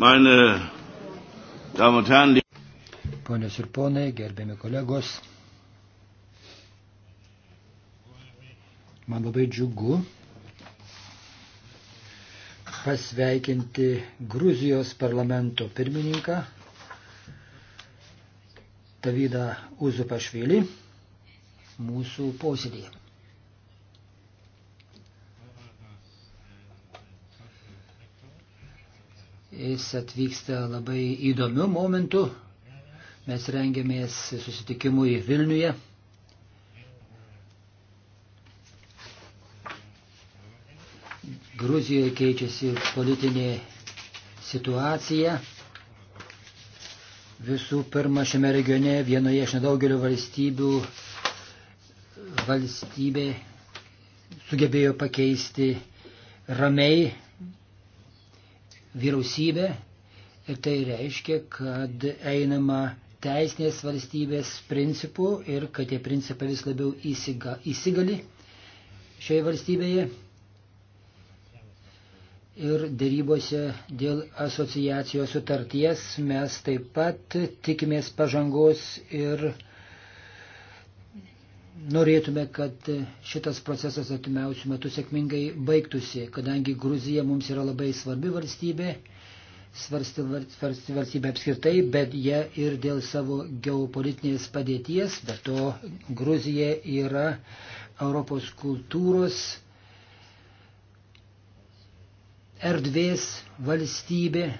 Meine Damen und Herren, die Ponios ir ponai, gerbiami kolegos, man labai džiugu pasveikinti Gruzijos parlamento pirmininką Davydą Uzupašvilį mūsų posėdėje. Jis atvyksta labai įdomiu momentu. Mes rengiamės susitikimui Vilniuje. Gruzijoje keičiasi politinė situacija. Visų pirma, šiame regione vienoje iš nedaugelio valstybių valstybė sugebėjo pakeisti ramiai vyriausybę ir tai reiškia, kad einama teisinės valstybės principų ir kad tie principai vis labiau įsiga, įsigali šioje valstybėje. Ir dėrybose dėl asociacijos sutarties mes taip pat tikimės pažangos ir norėtume, kad šitas procesas atimiausių metų sėkmingai baigtųsi, kadangi Gruzija mums yra labai svarbi valstybė, svarsti valstybė apskritai, bet jie ir dėl savo geopolitinės padėties, bet to Gruzija yra Europos kultūros erdvės valstybė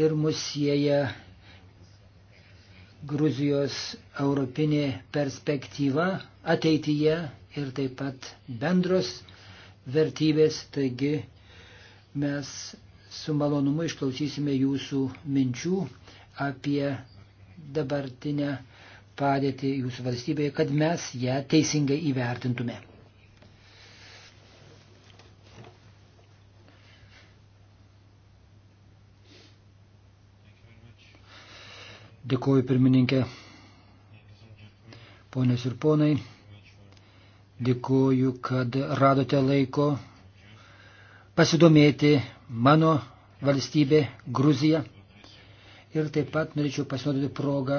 ir mus sieja Gruzijos europinė perspektyva ateityje ir taip pat bendros vertybės, taigi mes su malonumu išklausysime jūsų minčių apie dabartinę padėtį jūsų valstybėje, kad mes ją teisingai įvertintume. Dėkuoju pirmininkė, ponės ir ponai. Dėkuoju, kad radote laiko pasidomėti mano valstybė Gruzija. Ir taip pat norėčiau pasinaudoti progą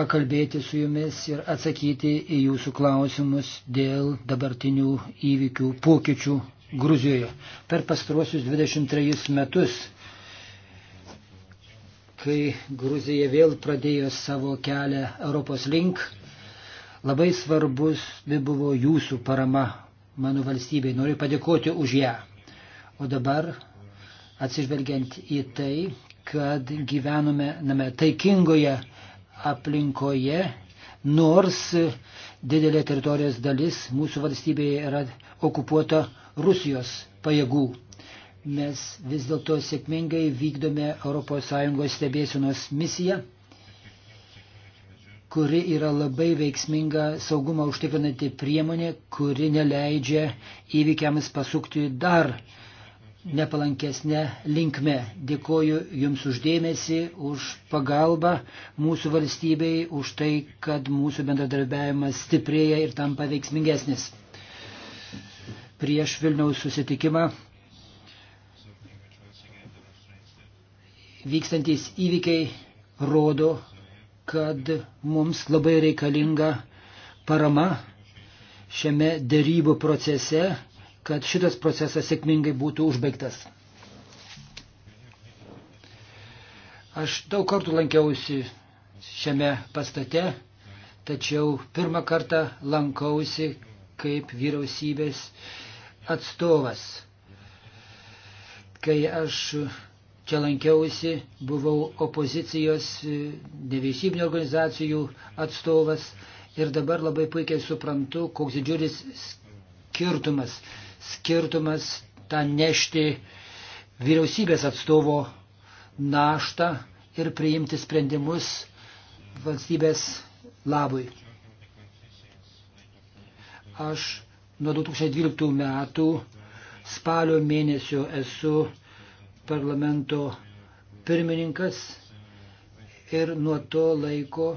pakalbėti su jumis ir atsakyti į jūsų klausimus dėl dabartinių įvykių pokyčių Gruzijoje. Per pastaruosius 23 metus kai Gruzija vėl pradėjo savo kelią Europos link, labai svarbus buvo jūsų parama mano valstybei. Noriu padėkoti už ją. O dabar, atsižvelgiant į tai, kad gyvenome name, taikingoje aplinkoje, nors didelė teritorijos dalis mūsų valstybėje yra okupuota Rusijos pajėgų mes vis dėlto sėkmingai vykdome ES stebėsinos misiją, kuri yra labai veiksminga saugumą užtikrinanti priemonė, kuri neleidžia įvykiams pasukti dar nepalankesnė linkme. Dėkoju Jums uždėmesi, už pagalbą mūsų valstybei, už tai, kad mūsų bendradarbiavimas stiprėja ir tampa veiksmingesnis. Prieš Vilniaus susitikimą vykstantis įvykiai rodo, kad mums labai reikalinga parama šiame dėrybų procese, kad šitas procesas sėkmingai būtų užbaigtas. Aš daug kartų lankiausi šiame pastate, tačiau pirmą kartą lankausi kaip vyriausybės atstovas. Kai aš Čia lankiausi, buvau opozicijos e, nevyriausybinio organizacijų atstovas ir dabar labai puikiai suprantu, koks didžiulis skirtumas. Skirtumas tą nešti vyriausybės atstovo naštą ir priimti sprendimus valstybės labui. Aš nuo 2012 metų spalio mėnesio esu parlamento pirmininkas ir nuo to laiko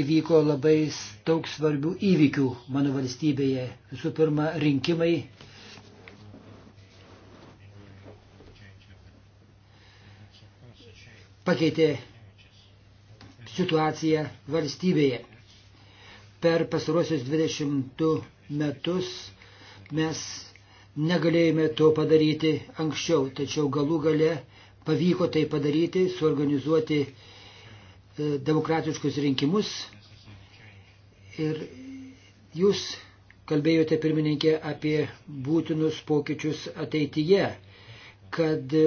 įvyko labai daug svarbių įvykių mano valstybėje. Visų pirma, rinkimai. pakeitė situaciją valstybėje. Per pasarosius 22 metus mes negalėjome to padaryti anksčiau, tačiau galų gale pavyko tai padaryti, suorganizuoti e, demokratiškus rinkimus. Ir jūs kalbėjote, pirmininkė, apie būtinus pokyčius ateityje, kad e,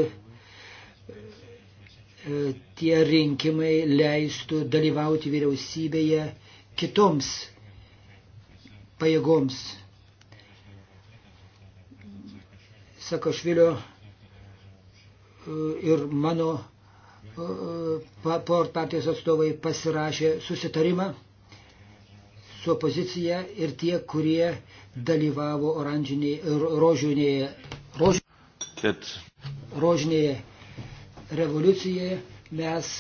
tie rinkimai leistų dalyvauti vyriausybėje kitoms pajėgoms Sakašvilio e, ir mano e, partijos atstovai pasirašė susitarimą su opozicija ir tie, kurie dalyvavo oranžinėje, rožinėje, rož... rožinėje revoliucijoje. Mes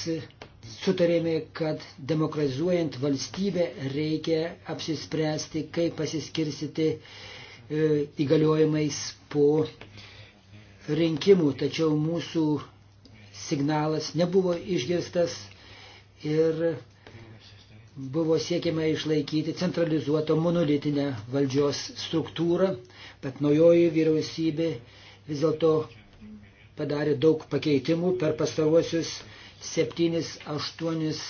sutarėme, kad demokratizuojant valstybę reikia apsispręsti, kaip pasiskirsyti uh, E, įgaliojimais po rinkimų, tačiau mūsų signalas nebuvo išgirstas ir buvo siekiama išlaikyti centralizuotą monolitinę valdžios struktūrą, bet naujoji vyriausybė vis dėlto padarė daug pakeitimų per pastaruosius 7-8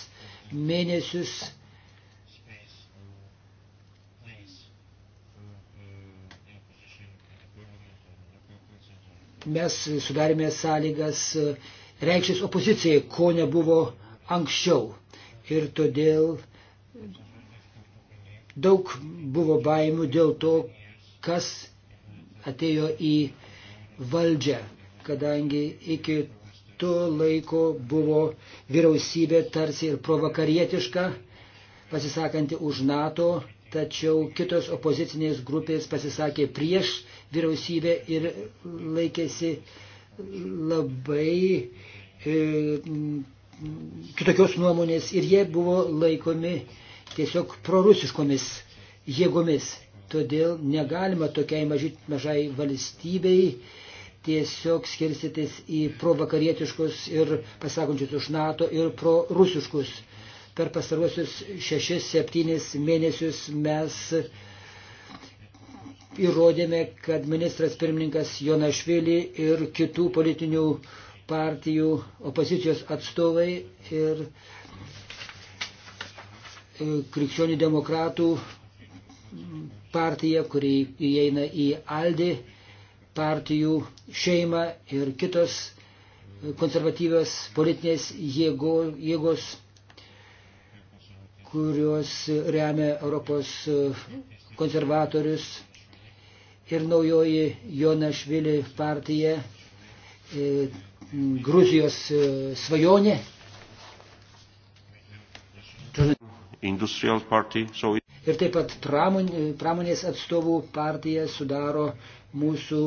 mėnesius mes sudarėme sąlygas e, reikštis opozicijai, ko nebuvo anksčiau. Ir todėl daug buvo baimų dėl to, kas atėjo į valdžią, kadangi iki to laiko buvo vyriausybė tarsi ir provakarietiška, pasisakanti už NATO, tačiau kitos opozicinės grupės pasisakė prieš vyriausybė ir laikėsi labai e, kitokios nuomonės ir jie buvo laikomi tiesiog prorusiškomis jėgomis. Todėl negalima tokiai maži, mažai valstybei tiesiog skirstytis į provakarietiškus ir pasakančius už NATO ir prorusiškus. Per pastaruosius šešis, septynis mėnesius mes įrodėme, kad ministras pirmininkas Jonašvili ir kitų politinių partijų opozicijos atstovai ir e, krikščionių demokratų partija, kuri įeina į Aldį partijų šeimą ir kitos e, konservatyvios politinės jėgo, jėgos, kurios remia Europos e, konservatorius ir naujoji Jonašvili partija, e, Gruzijos e, svajonė. Party, so it... Ir taip pat pramonės atstovų partija sudaro mūsų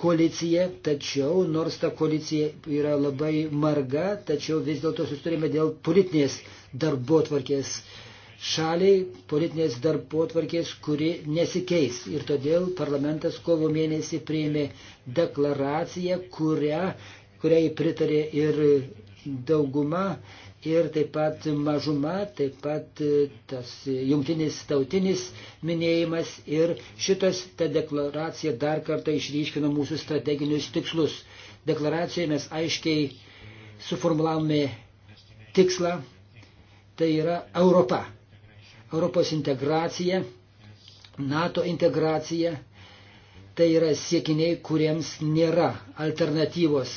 koalicija, tačiau nors ta koalicija yra labai marga, tačiau vis dėlto susitarėme dėl politinės darbo tvarkės. E, šaliai politinės darbotvarkės, kuri nesikeis. Ir todėl parlamentas kovo mėnesį priėmė deklaraciją, kurią, kuriai pritarė ir dauguma, ir taip pat mažuma, taip pat e, tas jungtinis tautinis minėjimas. Ir šitas ta deklaracija dar kartą išryškino mūsų strateginius tikslus. Deklaracijoje mes aiškiai suformulavome tikslą, tai yra Europa. Europos integracija, NATO integracija. Tai yra siekiniai, kuriems nėra alternatyvos.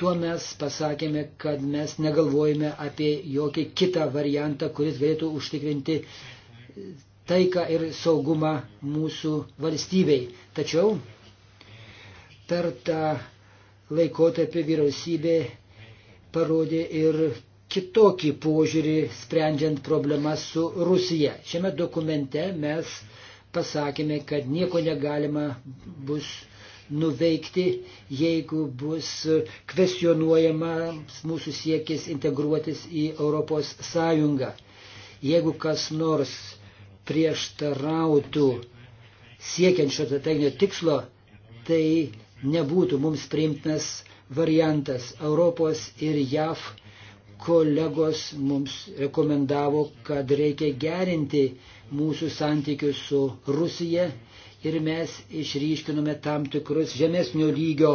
Tuo mes pasakėme, kad mes negalvojame apie jokį kitą variantą, kuris galėtų užtikrinti taiką ir saugumą mūsų valstybei. Tačiau per tą laikotarpį vyriausybė parodė ir kitokį požiūrį sprendžiant problemas su Rusija. Šiame dokumente mes pasakėme, kad nieko negalima bus nuveikti, jeigu bus kvestionuojamas mūsų siekis integruotis į Europos Sąjungą. Jeigu kas nors prieštarautų siekiančio strateginio tikslo, tai nebūtų mums priimtinas variantas. Europos ir JAV kolegos mums rekomendavo, kad reikia gerinti mūsų santykius su Rusija ir mes išryškinome tam tikrus žemesnio lygio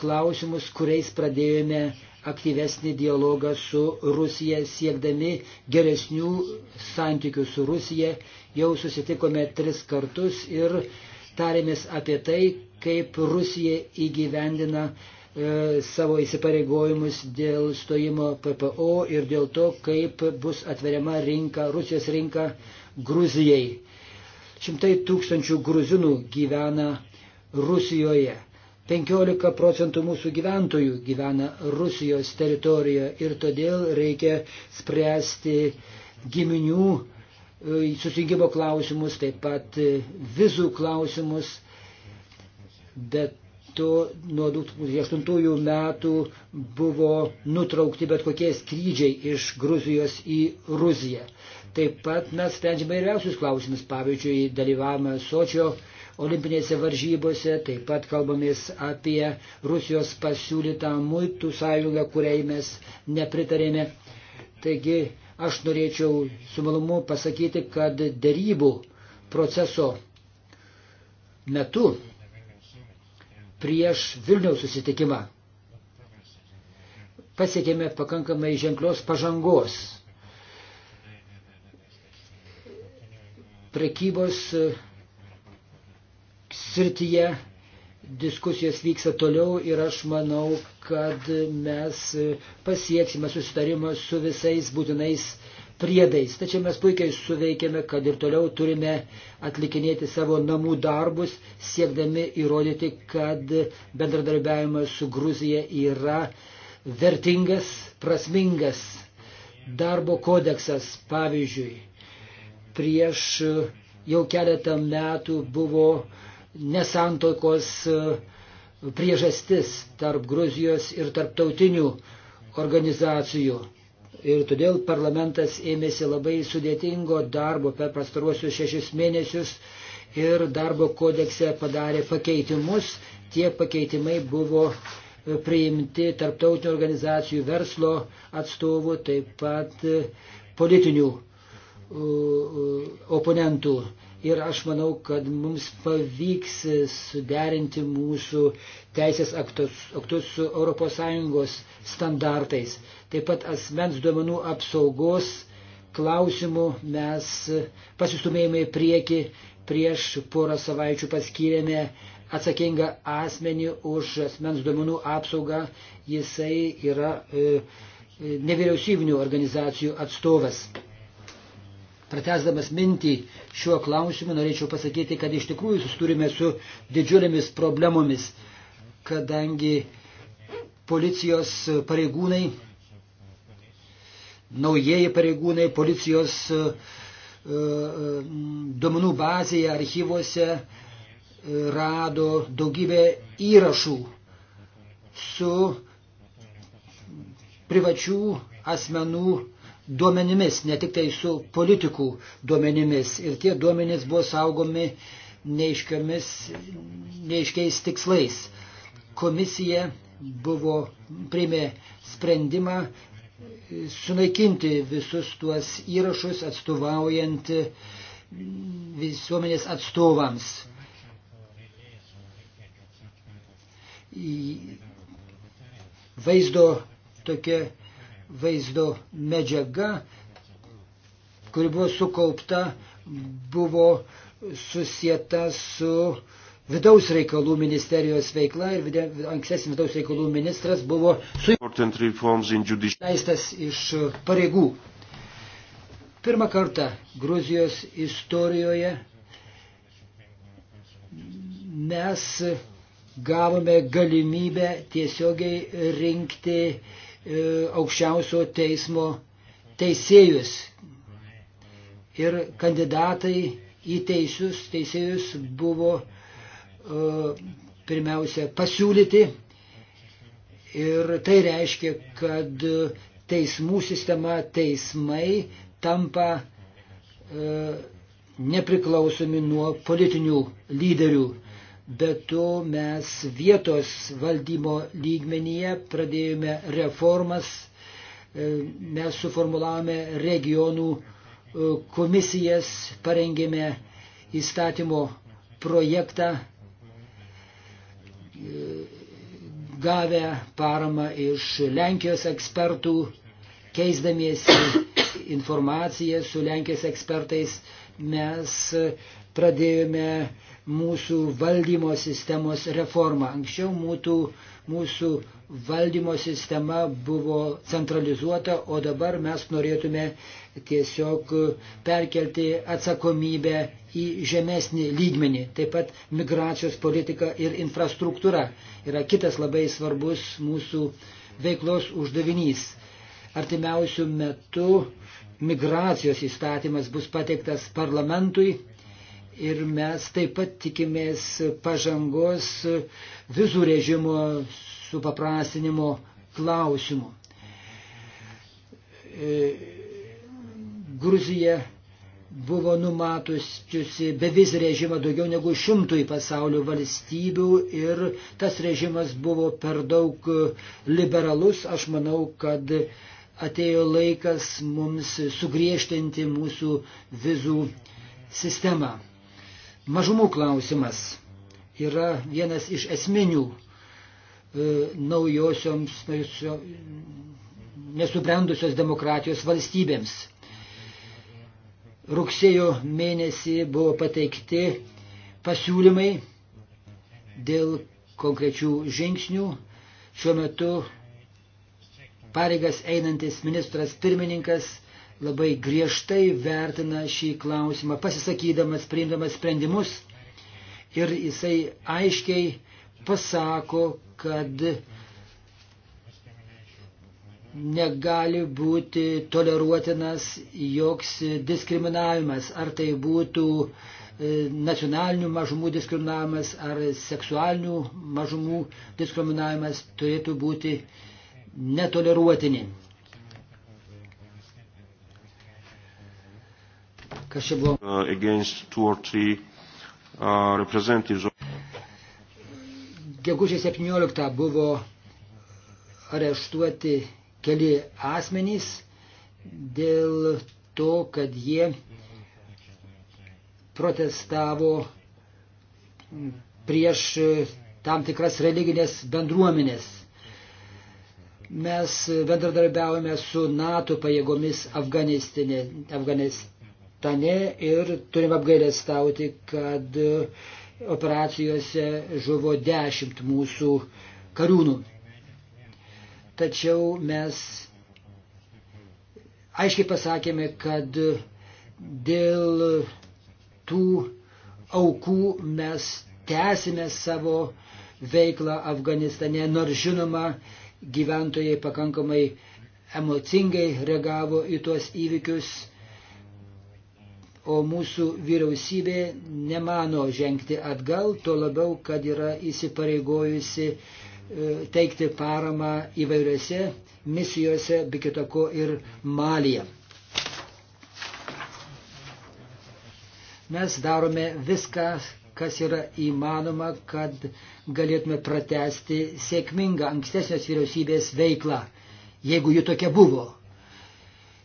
klausimus, kuriais pradėjome aktyvesnį dialogą su Rusija, siekdami geresnių santykių su Rusija. Jau susitikome tris kartus ir tarėmės apie tai, kaip Rusija įgyvendina E, savo įsipareigojimus dėl stojimo PPO ir dėl to, kaip bus atveriama rinka, Rusijos rinka Gruzijai. Šimtai tūkstančių gruzinų gyvena Rusijoje. 15 procentų mūsų gyventojų gyvena Rusijos teritorijoje ir todėl reikia spręsti giminių e, susijungimo klausimus, taip pat e, vizų klausimus, bet metu, nuo 2008 metų buvo nutraukti bet kokie skrydžiai iš Gruzijos į Rusiją. Taip pat mes sprendžiame įvairiausius klausimus, pavyzdžiui, dalyvavome Sočio olimpinėse varžybose, taip pat kalbamės apie Rusijos pasiūlytą muitų sąjungą, kuriai mes nepritarėme. Taigi aš norėčiau su malumu pasakyti, kad dėrybų proceso metu prieš Vilniaus susitikimą. Pasiekėme pakankamai ženklios pažangos. Prekybos e, srityje diskusijos vyksta toliau ir aš manau, kad mes e, pasieksime susitarimą su visais būtinais priedais. Tačiau mes puikiai suveikėme, kad ir toliau turime atlikinėti savo namų darbus, siekdami įrodyti, kad bendradarbiavimas su Gruzija yra vertingas, prasmingas. Darbo kodeksas, pavyzdžiui, prieš jau keletą metų buvo nesantoikos e, priežastis tarp Gruzijos ir tarptautinių organizacijų Ir todėl parlamentas ėmėsi labai sudėtingo darbo per pastaruosius šešis mėnesius ir darbo kodekse padarė pakeitimus. Tie pakeitimai buvo e, priimti tarptautinių organizacijų verslo atstovų, taip pat e, politinių oponentų ir aš manau, kad mums pavyks suderinti mūsų teisės aktus, aktus su ES standartais. Taip pat asmens duomenų apsaugos klausimų mes pasistumėjome į priekį. Prieš porą savaičių paskyrėme atsakingą asmenį už asmens duomenų apsaugą. Jisai yra e, e nevyriausybinių organizacijų atstovas. Pratesdamas mintį šiuo klausimu norėčiau pasakyti, kad iš tikrųjų susidurime su didžiulėmis problemomis, kadangi policijos pareigūnai, naujieji pareigūnai policijos e, e, duomenų bazėje, archyvose e, rado daugybę įrašų su privačių asmenų duomenimis, ne tik tai su politikų duomenimis. Ir tie duomenys buvo saugomi neiškiais tikslais. Komisija buvo priimė sprendimą sunaikinti visus tuos įrašus atstovaujant visuomenės atstovams. Vaizdo tokia vaizdo medžiaga, kuri buvo sukaupta, buvo susieta su vidaus reikalų ministerijos veikla ir vidė, ankstesnis vidaus reikalų ministras buvo suleistas iš pareigų. Pirmą kartą Gruzijos istorijoje mes gavome galimybę tiesiogiai rinkti uh, E, aukščiausio teismo teisėjus. Ir kandidatai į teisius, teisėjus buvo e, pirmiausia pasiūlyti. Ir tai reiškia, kad teismų sistema, teismai tampa e, nepriklausomi nuo politinių lyderių. Be to mes vietos valdymo lygmenyje pradėjome reformas, e, mes suformulavome regionų e, komisijas, parengėme įstatymo projektą, e, gavę paramą iš Lenkijos ekspertų, keisdamiesi informaciją su Lenkijos ekspertais, mes pradėjome mūsų valdymo sistemos reformą. Anksčiau mūtų, mūsų valdymo sistema buvo centralizuota, o dabar mes norėtume tiesiog perkelti atsakomybę į žemesnį lygmenį. Taip pat migracijos politika ir infrastruktūra yra kitas labai svarbus mūsų veiklos uždavinys. Artimiausių metų migracijos įstatymas bus pateiktas parlamentui ir mes taip pat tikimės pažangos vizų režimo supaprastinimo klausimu. E, Gruzija buvo numatusi bevizį režimą daugiau negu šimtui pasaulio valstybių ir tas režimas buvo per daug liberalus. Aš manau, kad atėjo laikas mums sugriežtinti mūsų vizų sistemą. Mažumų klausimas yra vienas iš esminių e, naujosioms nesubrendusios demokratijos valstybėms. Rugsėjo mėnesį buvo pateikti pasiūlymai dėl konkrečių žingsnių. Šiuo metu pareigas einantis ministras pirmininkas labai griežtai vertina šį klausimą, pasisakydamas, priimdamas sprendimus ir jisai aiškiai pasako, kad negali būti toleruotinas joks diskriminavimas, ar tai būtų e, nacionalinių mažumų diskriminavimas ar seksualinių mažumų diskriminavimas turėtų būti netoleruotini. Kas čia buvo? Uh, uh, Gegužė 17 buvo areštuoti keli asmenys dėl to, kad jie protestavo prieš tam tikras religinės bendruomenės. Mes bendradarbiavome su NATO pajėgomis Afganistane, Afganist, Afganistane ir turime apgailestauti, kad operacijose žuvo dešimt mūsų kariūnų. Tačiau mes aiškiai pasakėme, kad dėl tų aukų mes tęsime savo veiklą Afganistane, nors žinoma, gyventojai pakankamai emocingai reagavo į tuos įvykius o mūsų vyriausybė nemano žengti atgal, tuo labiau, kad yra įsipareigojusi e, teikti paramą įvairiose misijose, be kitako ir Malija. Mes darome viską, kas yra įmanoma, kad galėtume pratesti sėkmingą ankstesnės vyriausybės veiklą, jeigu jų tokia buvo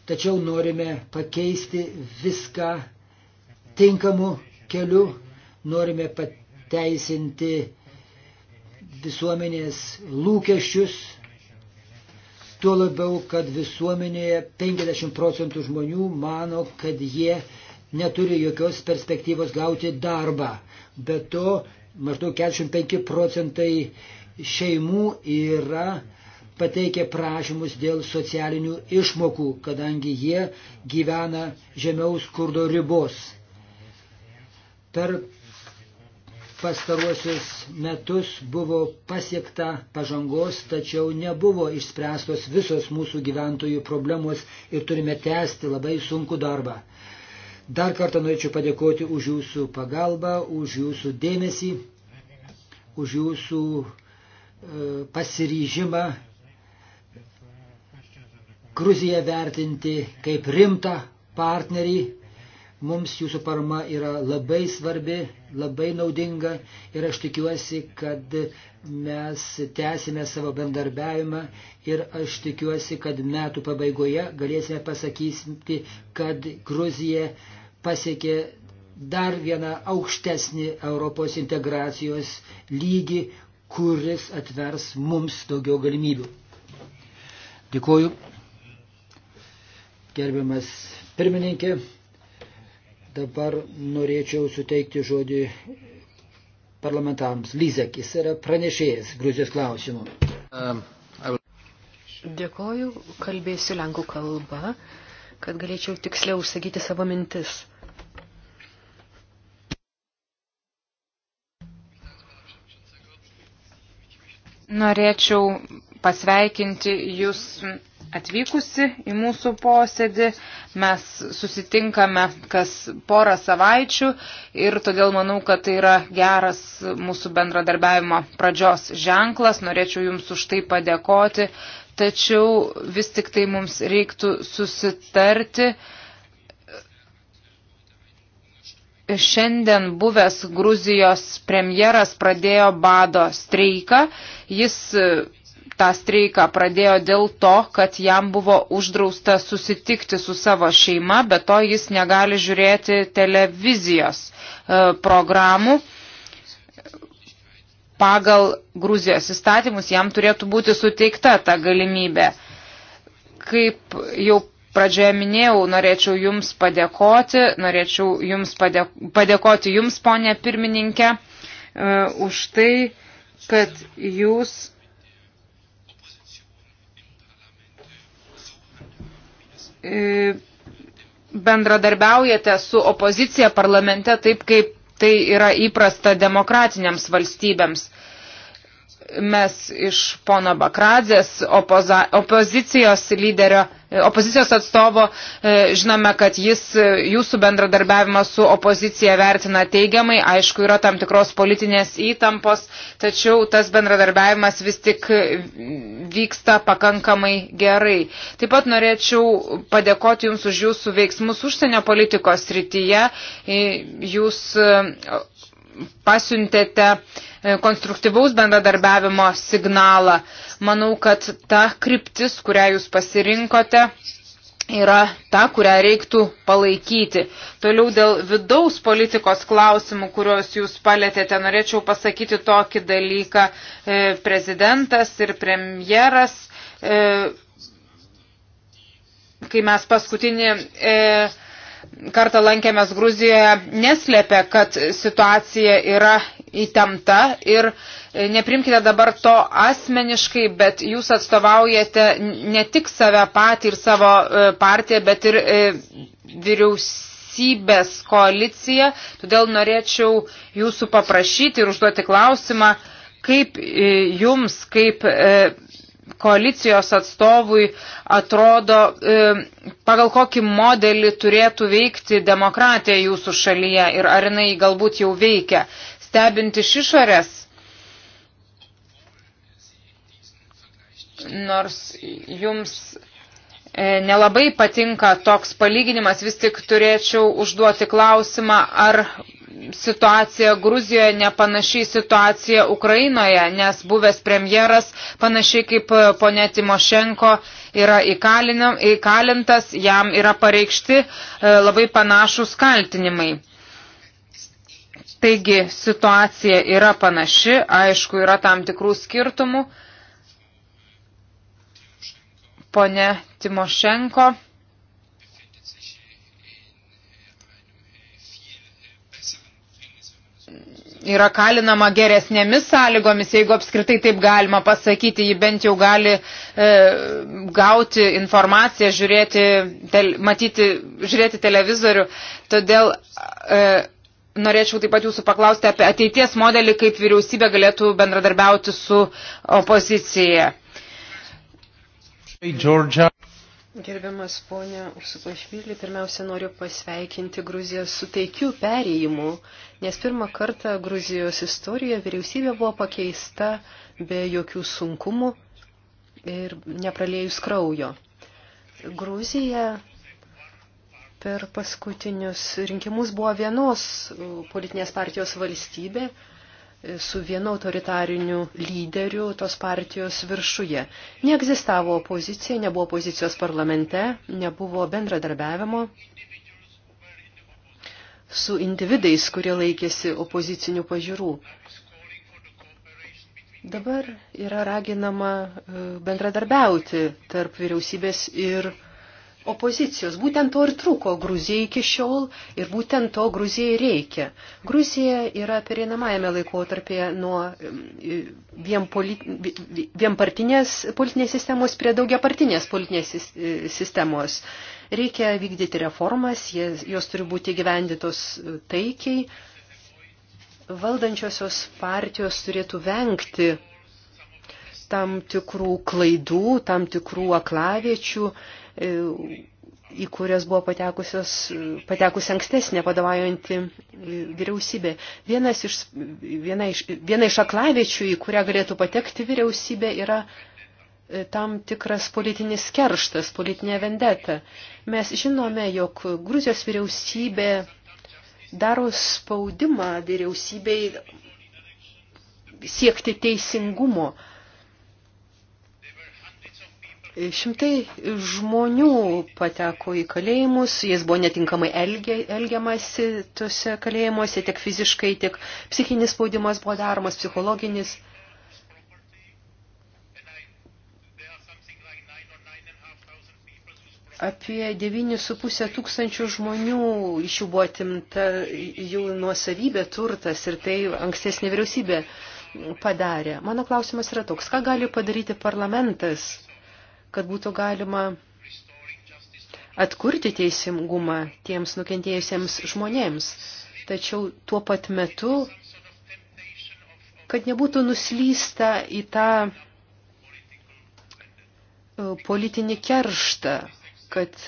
tačiau norime pakeisti viską tinkamu keliu, norime pateisinti visuomenės lūkesčius, tuo labiau, kad visuomenėje 50 procentų žmonių mano, kad jie neturi jokios perspektyvos gauti darbą. Be to, maždaug 45 procentai šeimų yra pateikė prašymus dėl socialinių išmokų, kadangi jie gyvena žemiaus skurdo ribos. Per pastaruosius metus buvo pasiekta pažangos, tačiau nebuvo išspręstos visos mūsų gyventojų problemos ir turime tęsti labai sunku darbą. Dar kartą norėčiau padėkoti už jūsų pagalbą, už jūsų dėmesį, už jūsų e, pasiryžimą Gruziją vertinti kaip rimtą partnerį. Mums jūsų parama yra labai svarbi, labai naudinga ir aš tikiuosi, kad mes tęsime savo bendarbiavimą ir aš tikiuosi, kad metų pabaigoje galėsime pasakyti, kad Gruzija pasiekė dar vieną aukštesnį Europos integracijos lygį, kuris atvers mums daugiau galimybių. Dėkuoju. Gerbiamas pirmininkė, dabar norėčiau suteikti žodį parlamentarams. Lyzek, jis yra pranešėjas Gruzijos klausimu. Um, Dėkoju, kalbėsiu lenkų kalbą, kad galėčiau tiksliau užsakyti savo mintis. Norėčiau pasveikinti jūs atvykusi į mūsų posėdį. Mes susitinkame kas porą savaičių ir todėl manau, kad tai yra geras mūsų bendradarbiavimo pradžios ženklas. Norėčiau Jums už tai padėkoti, tačiau vis tik tai mums reiktų susitarti. šiandien buvęs Gruzijos premjeras pradėjo bado streiką. Jis tą streiką pradėjo dėl to, kad jam buvo uždrausta susitikti su savo šeima, bet to jis negali žiūrėti televizijos e, programų. Pagal Gruzijos įstatymus jam turėtų būti suteikta ta galimybė. Kaip jau pradžioje minėjau, norėčiau Jums padėkoti, norėčiau Jums padėkoti Jums, ponė pirmininkė, e, už tai, kad Jūs E, bendradarbiaujate su opozicija parlamente taip, kaip tai yra įprasta demokratiniams valstybėms mes iš pono Bakradzės opoza, opozicijos lyderio, opozicijos atstovo e, žinome, kad jis e, jūsų bendradarbiavimą su opozicija vertina teigiamai, aišku, yra tam tikros politinės įtampos, tačiau tas bendradarbiavimas vis tik e, vyksta pakankamai gerai. Taip pat norėčiau padėkoti Jums už Jūsų veiksmus užsienio politikos srityje. Jūs pasiuntėte e, konstruktyvaus bendradarbiavimo signalą. Manau, kad ta kryptis, kurią jūs pasirinkote, yra ta, kurią reiktų palaikyti. Toliau dėl vidaus politikos klausimų, kuriuos jūs palėtėte, norėčiau pasakyti tokį dalyką. E, prezidentas ir premjeras, e, kai mes paskutinį kartą lankėmės Gruzijoje, neslėpė, kad situacija yra įtempta ir e, neprimkite dabar to asmeniškai, bet jūs atstovaujate ne tik save patį ir savo e, partiją, bet ir e, vyriausybės koaliciją. Todėl norėčiau jūsų paprašyti ir užduoti klausimą, kaip jums, kaip koalicijos atstovui atrodo, e, pagal kokį modelį turėtų veikti demokratija jūsų šalyje ir ar jinai galbūt jau veikia. Stebint iš išorės, nors jums E, nelabai patinka toks palyginimas, vis tik turėčiau užduoti klausimą, ar situacija Gruzijoje nepanašiai situacija Ukrainoje, nes buvęs premjeras, panašiai kaip ponė Timošenko, yra įkalintas, jam yra pareikšti e, labai panašus kaltinimai. Taigi situacija yra panaši, aišku, yra tam tikrų skirtumų. Pone Timošenko. yra kalinama geresnėmis sąlygomis, jeigu apskritai taip galima pasakyti, ji bent jau gali e, gauti informaciją, žiūrėti, tel, matyti, žiūrėti televizorių. Todėl e, norėčiau taip pat jūsų paklausti apie ateities modelį, kaip vyriausybė galėtų bendradarbiauti su opozicija. Gerbiamas ponė Ursupašvili, pirmiausia noriu pasveikinti Gruziją su taikiu perėjimu, nes pirmą kartą Gruzijos istorijoje vyriausybė buvo pakeista be jokių sunkumų ir nepralėjus kraujo. Gruzija per paskutinius rinkimus buvo vienos politinės partijos valstybė, su vienu autoritariniu lyderiu tos partijos viršuje. Neegzistavo opozicija, nebuvo pozicijos parlamente, nebuvo bendradarbiavimo su individais, kurie laikėsi opozicinių pažiūrų. Dabar yra raginama e, bendradarbiauti tarp vyriausybės ir opozicijos. Būtent to ir trūko Gruzijai iki šiol ir būtent to Gruzijai reikia. Gruzija yra pereinamajame laikotarpėje nuo vienpartinės politinės sistemos prie daugiapartinės politinės e, sistemos. Reikia vykdyti reformas, jos turi būti gyvendytos e, taikiai. Valdančiosios partijos turėtų vengti tam tikrų klaidų, tam tikrų aklaviečių E, į kurias buvo patekusi ankstesnė vadovaujanti e, vyriausybė. Vienas iš, viena, iš, viena iš aklaviečių, į kurią galėtų patekti vyriausybė, yra e, tam tikras politinis kerštas, politinė vendeta. Mes žinome, jog Gruzijos vyriausybė daro spaudimą vyriausybei siekti teisingumo Šimtai žmonių pateko į kalėjimus, jais buvo netinkamai elgia, elgiamasi tuose kalėjimuose, tiek fiziškai, tiek psichinis spaudimas buvo daromas, psichologinis. Apie 9,5 tūkstančių žmonių iš jų buvo atimta jų nuosavybė, turtas ir tai ankstesnė vyriausybė padarė. Mano klausimas yra toks, ką gali padaryti parlamentas? kad būtų galima atkurti teisingumą tiems nukentėjusiems žmonėms, tačiau tuo pat metu, kad nebūtų nuslysta į tą e, politinį kerštą, kad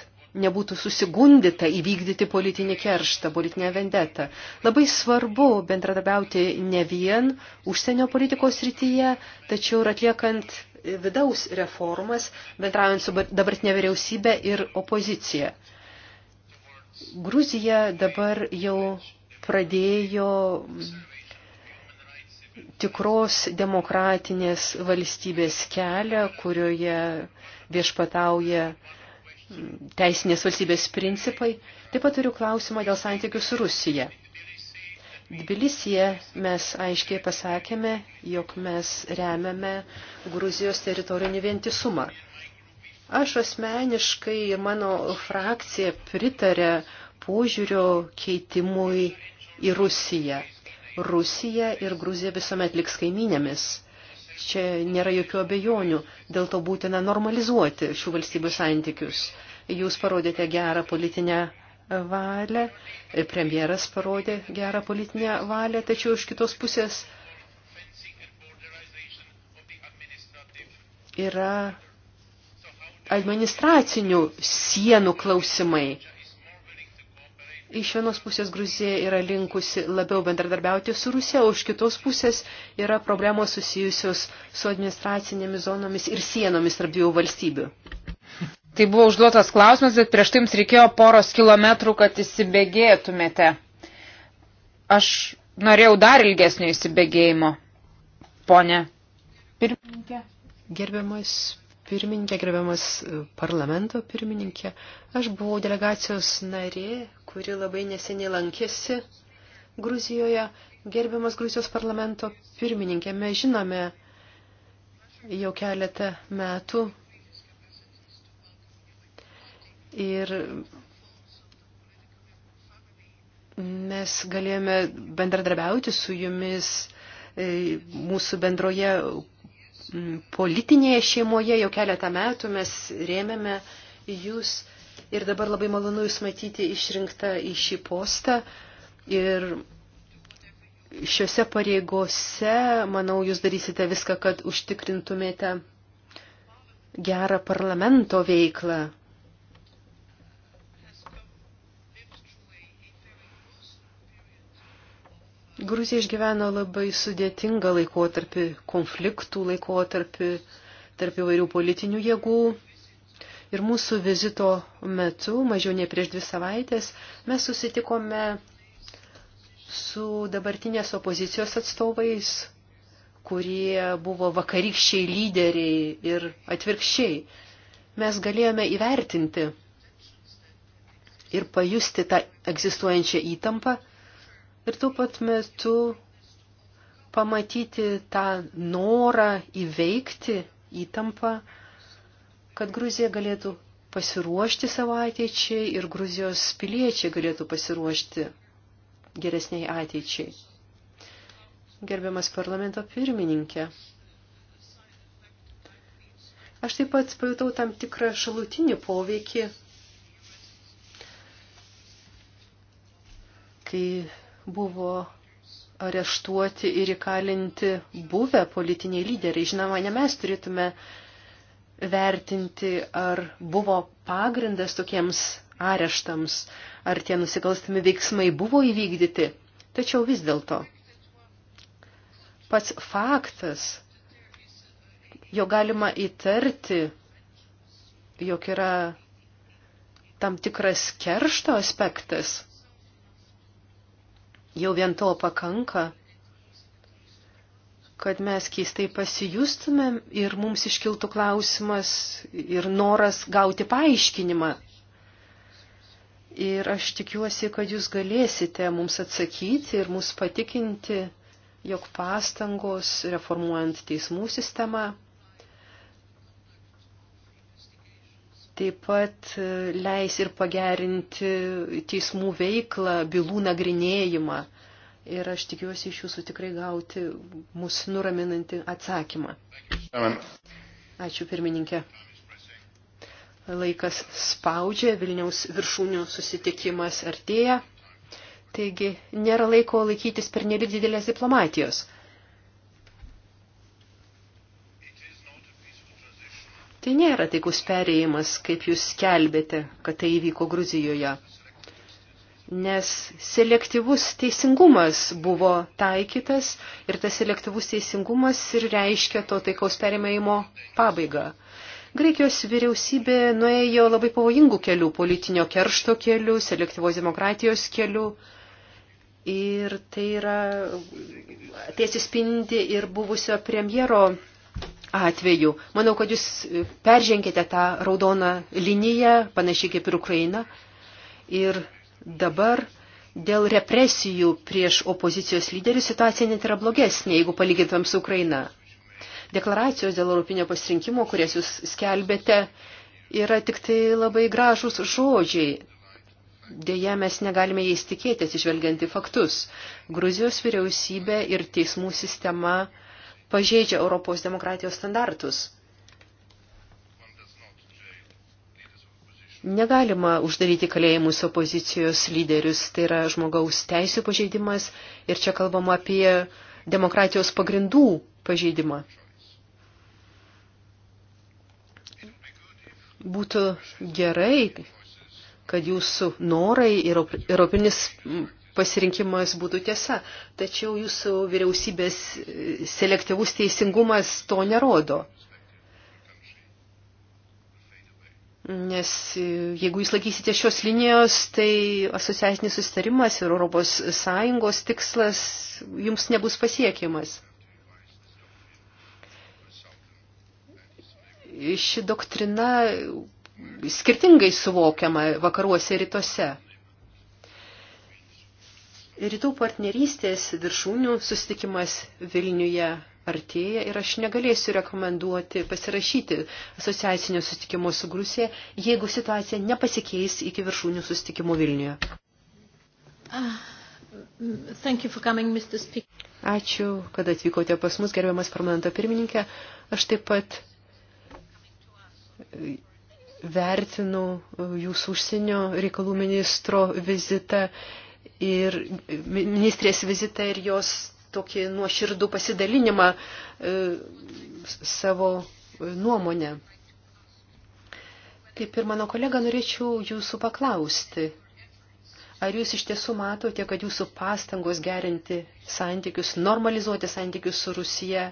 nebūtų susigundyta įvykdyti politinį kerštą, politinę vendetą. Labai svarbu bendradabiauti ne vien užsienio politikos rytyje, tačiau ir atliekant vidaus reformas, bendraujant su dabartinė vyriausybė ir opozicija. Gruzija dabar jau pradėjo tikros demokratinės valstybės kelią, kurioje viešpatauja teisinės valstybės principai. Taip pat turiu klausimą dėl santykių su Rusija. Tbilisyje mes aiškiai pasakėme, jog mes remiame Gruzijos teritorinį vientisumą. Aš asmeniškai ir mano frakcija pritarė požiūrio keitimui į Rusiją. Rusija ir Gruzija visuomet liks kaiminėmis čia nėra jokių abejonių, dėl to būtina normalizuoti šių valstybių santykius. Jūs parodėte gerą politinę valią, premjeras parodė gerą politinę valią, tačiau iš kitos pusės yra administracinių sienų klausimai. Iš vienos pusės Gruzija yra linkusi labiau bendradarbiauti su Rusija, o iš kitos pusės yra problemos susijusios su administracinėmis zonomis ir sienomis tarp dviejų valstybių. Tai buvo užduotas klausimas, bet prieš tai jums reikėjo poros kilometrų, kad įsibėgėtumėte. Aš norėjau dar ilgesnio įsibėgėjimo, ponė. Pirmininkė. Gerbiamas pirmininkė, gerbiamas parlamento pirmininkė. Aš buvau delegacijos narė, kuri labai neseniai lankėsi Gruzijoje. Gerbiamas Gruzijos parlamento pirmininkė, mes žinome jau keletą metų Ir mes galėjome bendradarbiauti su jumis e, mūsų bendroje politinėje šeimoje jau keletą metų mes rėmėme jūs ir dabar labai malonu jūs matyti išrinktą į šį postą ir šiuose pareigose, manau, jūs darysite viską, kad užtikrintumėte gerą parlamento veiklą Gruzija išgyveno labai sudėtingą laikotarpį, konfliktų laikotarpį, tarp įvairių politinių jėgų. Ir mūsų vizito metu, mažiau nei prieš dvi savaitės, mes susitikome su dabartinės opozicijos atstovais, kurie buvo vakarykščiai lyderiai ir atvirkščiai. Mes galėjome įvertinti ir pajusti tą egzistuojančią įtampą ir tuo pat metu pamatyti tą norą įveikti įtampą, kad Gruzija galėtų pasiruošti savo ateičiai ir Gruzijos piliečiai galėtų pasiruošti geresniai ateičiai. Gerbiamas parlamento pirmininkė. Aš taip pat pajutau tam tikrą šalutinį poveikį, kai buvo areštuoti ir įkalinti buvę politiniai lyderiai. Žinoma, ne mes turėtume vertinti, ar buvo pagrindas tokiems areštams, ar tie nusikalstami veiksmai buvo įvykdyti. Tačiau vis dėlto pats faktas, jo galima įtarti, jog yra tam tikras keršto aspektas Jau vien to pakanka, kad mes keistai pasijustumėm ir mums iškiltų klausimas ir noras gauti paaiškinimą. Ir aš tikiuosi, kad jūs galėsite mums atsakyti ir mus patikinti, jog pastangos reformuojant teismų sistemą taip pat e, leis ir pagerinti teismų veiklą, bylų nagrinėjimą. Ir aš tikiuosi iš jūsų tikrai gauti mūsų nuraminantį atsakymą. Ačiū pirmininkė. Laikas spaudžia, Vilniaus viršūnių susitikimas artėja. Taigi nėra laiko laikytis per nedidelės diplomatijos. Tai nėra taikus perėjimas, kaip jūs skelbėte, kad tai įvyko Gruzijoje. Nes selektyvus teisingumas buvo taikytas ir tas selektyvus teisingumas ir reiškia to taikaus perėmėjimo pabaigą. Graikijos vyriausybė nuėjo labai pavojingų kelių - politinio keršto kelių, selektyvos demokratijos kelių. Ir tai yra, tai atsispindi ir buvusio premjero atveju. Manau, kad jūs e, peržengėte tą raudoną liniją, panašiai kaip ir Ukraina. Ir dabar dėl represijų prieš opozicijos lyderių situacija net yra blogesnė, jeigu palygintam su Ukraina. Deklaracijos dėl europinio pasirinkimo, kurias jūs skelbėte, yra tik tai labai gražus žodžiai. Deja, mes negalime jais tikėti, atsižvelgiant į faktus. Gruzijos vyriausybė ir teismų sistema pažeidžia Europos demokratijos standartus. Negalima uždaryti kalėjimus opozicijos lyderius, tai yra žmogaus teisų pažeidimas ir čia kalbama apie demokratijos pagrindų pažeidimą. Būtų gerai, kad jūsų norai ir europinis pasirinkimas būtų tiesa. Tačiau jūsų vyriausybės e, selektyvus teisingumas to nerodo. Nes e, jeigu jūs laikysite šios linijos, tai asociacinis sustarimas ir Europos Sąjungos tikslas jums nebus pasiekiamas. Ši doktrina skirtingai suvokiama vakaruose ir rytuose. Rytų partnerystės viršūnių susitikimas Vilniuje artėja ir aš negalėsiu rekomenduoti pasirašyti asociacinio susitikimo su Grusija, jeigu situacija nepasikeis iki viršūnių susitikimo Vilniuje. Ah, coming, Ačiū, kad atvykote pas mus, gerbiamas parlamento pirmininkė. Aš taip pat vertinu jūsų užsienio reikalų ministro vizitą ir ministrės vizitą ir jos tokį nuoširdų pasidalinimą e, savo e, nuomonę. Kaip ir mano kolega, norėčiau jūsų paklausti, ar jūs iš tiesų matote, kad jūsų pastangos gerinti santykius, normalizuoti santykius su Rusija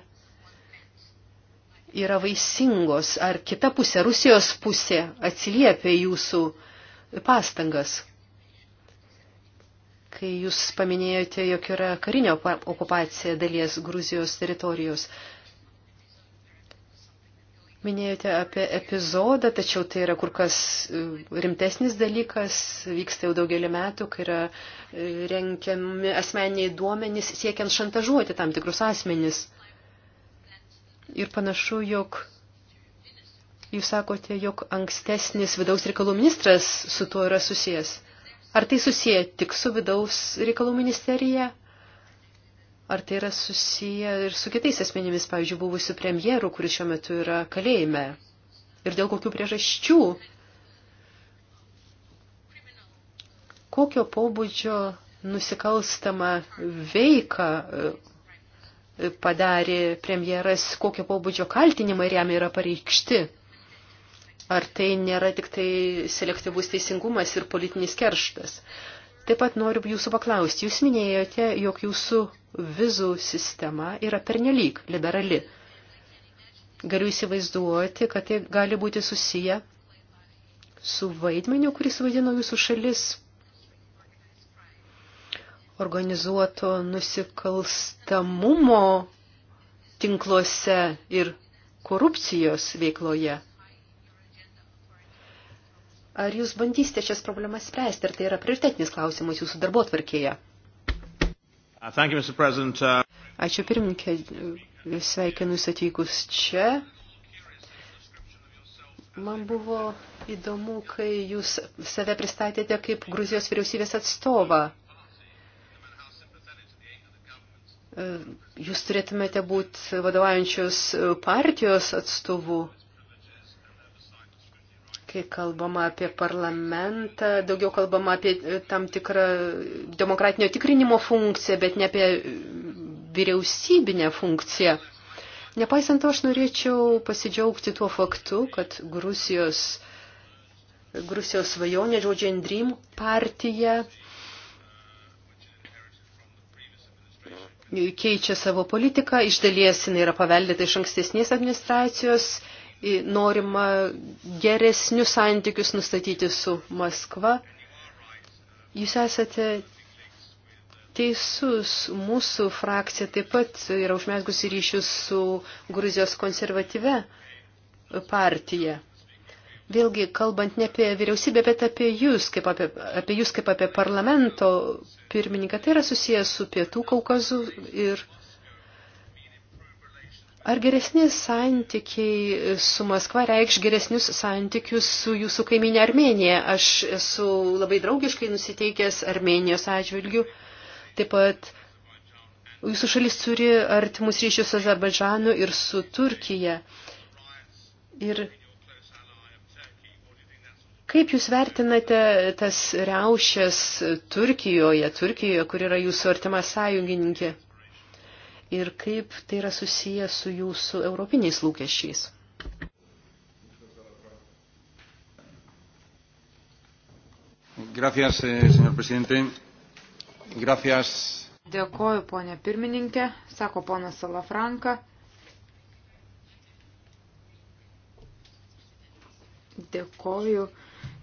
yra vaisingos, ar kita pusė, Rusijos pusė atsiliepia jūsų pastangas? kai jūs paminėjote, jog yra karinio okupacija dalies Gruzijos teritorijos. Minėjote apie epizodą, tačiau tai yra kur kas e, rimtesnis dalykas, vyksta jau daugelį metų, kai yra e, renkiami asmeniniai duomenys, siekiant šantažuoti tam tikrus asmenys. Ir panašu, jog jūs sakote, jog ankstesnis vidaus reikalų ministras su tuo yra susijęs. Ar tai susiję tik su vidaus reikalų ministerija? Ar tai yra susiję ir su kitais asmenimis, pavyzdžiui, buvusiu premjeru, kuris šiuo metu yra kalėjime? Ir dėl kokių priežasčių? Kokio pobūdžio nusikalstama veika e, padarė premjeras, kokio pobūdžio kaltinimai jam yra pareikšti? Ar tai nėra tik tai selektyvus teisingumas ir politinis kerštas? Taip pat noriu jūsų paklausti. Jūs minėjote, jog jūsų vizų sistema yra pernelyg liberali. Galiu įsivaizduoti, kad tai gali būti susiję su vaidmeniu, kuris vaidino jūsų šalis organizuoto nusikalstamumo tinkluose ir korupcijos veikloje. Ar jūs bandysite šias problemas spręsti, ar tai yra prioritetinis klausimas jūsų darbo tvarkėje? Uh, uh, Ačiū pirmininkė, sveikinu atvykus čia. Man buvo įdomu, kai jūs save pristatėte kaip Gruzijos vyriausybės atstovą. Uh, jūs turėtumėte būti vadovaujančios partijos atstovų kai kalbama apie parlamentą, daugiau kalbama apie e, tam tikrą demokratinio tikrinimo funkciją, bet ne apie vyriausybinę funkciją. Nepaisant to, aš norėčiau pasidžiaugti tuo faktu, kad Grusijos, Grusijos svajonė Georgian Dream partija keičia savo politiką, iš dalies jinai yra paveldėta iš ankstesnės administracijos norima geresnius santykius nustatyti su Maskva. Jūs esate teisus, mūsų frakcija taip pat yra užmesgusi ryšius su Gruzijos konservatyve partija. Vėlgi, kalbant ne apie vyriausybę, bet apie jūs, kaip apie, apie, jūs, kaip apie parlamento pirmininką, tai yra susijęs su Pietų Kaukazu ir Ar geresni santykiai su Maskva reikš geresnius santykius su jūsų kaiminė Armenija? Aš esu labai draugiškai nusiteikęs Armenijos atžvilgių. Taip pat jūsų šalis turi artimus ryšius su Azerbaidžanu ir su Turkija. Ir kaip jūs vertinate tas riaušės Turkijoje, Turkijoje, kur yra jūsų artima sąjungininkė? ir kaip tai yra susiję su jūsų europiniais lūkesčiais. Gracias, eh, señor presidente. Gracias. Dėkoju, ponė pirmininkė, sako ponas Salafranka. Dėkoju.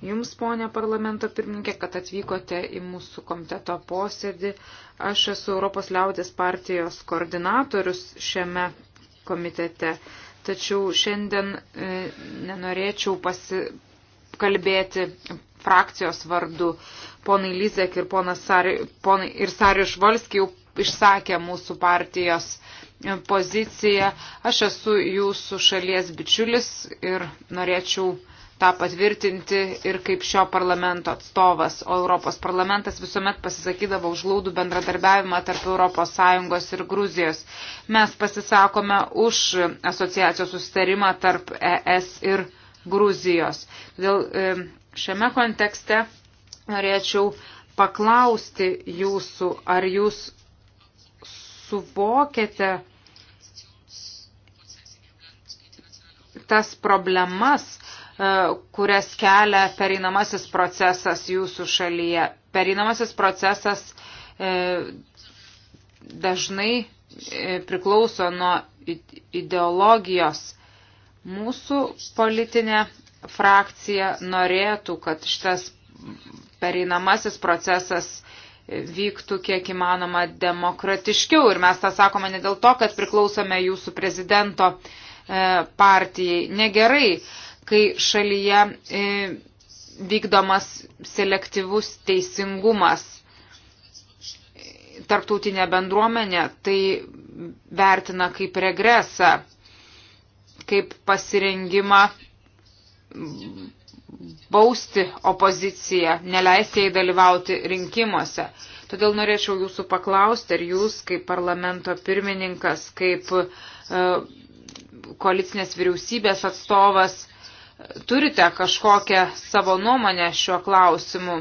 Jums, ponė parlamento pirmininkė, kad atvykote į mūsų komiteto posėdį. Aš esu Europos liaudės partijos koordinatorius šiame komitete, tačiau šiandien e, nenorėčiau pasikalbėti frakcijos vardu. Ponai Lizek ir, Sari, ponai, ir Sarius Volskiai jau išsakė mūsų partijos e, poziciją. Aš esu jūsų šalies bičiulis ir norėčiau tą patvirtinti ir kaip šio parlamento atstovas, o Europos parlamentas visuomet pasisakydavo už glaudų bendradarbiavimą tarp ES ir Gruzijos. Mes pasisakome už asociacijos sustarimą tarp ES ir Gruzijos. Todėl e, šiame kontekste norėčiau paklausti jūsų, ar jūs suvokėte tas problemas, E, kurias kelia pereinamasis procesas jūsų šalyje. Pereinamasis procesas e, dažnai e, priklauso nuo ideologijos. Mūsų politinė frakcija norėtų, kad šitas pereinamasis procesas vyktų kiek įmanoma demokratiškiau. Ir mes tą sakome ne dėl to, kad priklausome jūsų prezidento partijai. Negerai kai šalyje e, vykdomas selektyvus teisingumas tarptautinė bendruomenė tai vertina kaip regresą, kaip pasirengimą bausti opoziciją, neleisti jai dalyvauti rinkimuose. Todėl norėčiau jūsų paklausti, ar jūs kaip parlamento pirmininkas, kaip e, koalicinės vyriausybės atstovas, turite kažkokią savo nuomonę šiuo klausimu.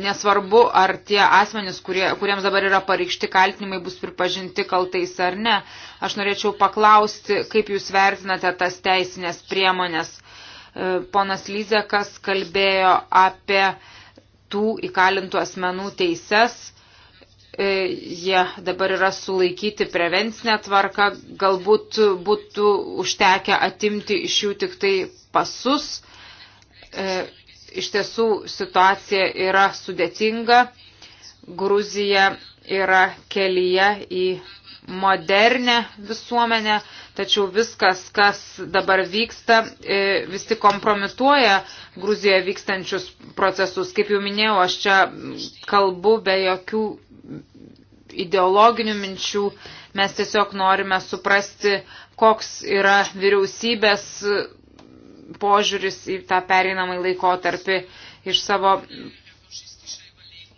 Nesvarbu, ar tie asmenys, kurie, kuriems dabar yra pareikšti kaltinimai, bus pripažinti kaltais ar ne. Aš norėčiau paklausti, kaip jūs vertinate tas teisinės priemonės. E, ponas Lyzekas kalbėjo apie tų įkalintų asmenų teises E, jie dabar yra sulaikyti prevencinę tvarką, galbūt būtų užtekę atimti iš jų tik tai pasus. E, iš tiesų situacija yra sudėtinga. Gruzija yra kelyje į modernę visuomenę, tačiau viskas, kas dabar vyksta, e, vis tik kompromituoja Gruzijoje vykstančius procesus. Kaip jau minėjau, aš čia kalbu be jokių ideologinių minčių, mes tiesiog norime suprasti, koks yra vyriausybės požiūris į tą pereinamąjį laikotarpį iš savo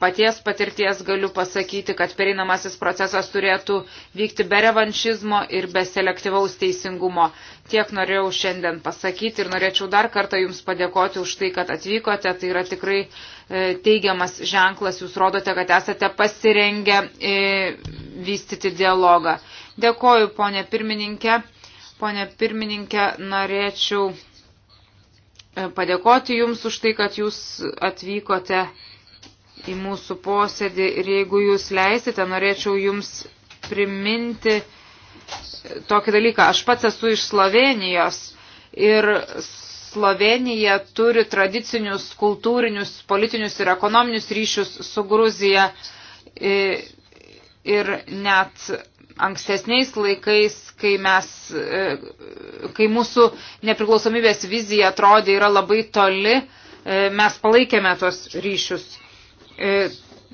paties patirties galiu pasakyti, kad pereinamasis procesas turėtų vykti be revanšizmo ir be selektyvaus teisingumo. Tiek norėjau šiandien pasakyti ir norėčiau dar kartą Jums padėkoti už tai, kad atvykote. Tai yra tikrai e, teigiamas ženklas, Jūs rodote, kad esate pasirengę e, vystyti dialogą. Dėkoju, ponė pirmininkė. Pone pirmininkė, norėčiau e, padėkoti Jums už tai, kad Jūs atvykote į mūsų posėdį ir jeigu jūs leisite, norėčiau jums priminti tokį dalyką. Aš pats esu iš Slovenijos ir Slovenija turi tradicinius, kultūrinius, politinius ir ekonominius ryšius su Gruzija ir net ankstesniais laikais, kai, mes, kai mūsų nepriklausomybės vizija atrodė yra labai toli, mes palaikėme tos ryšius E,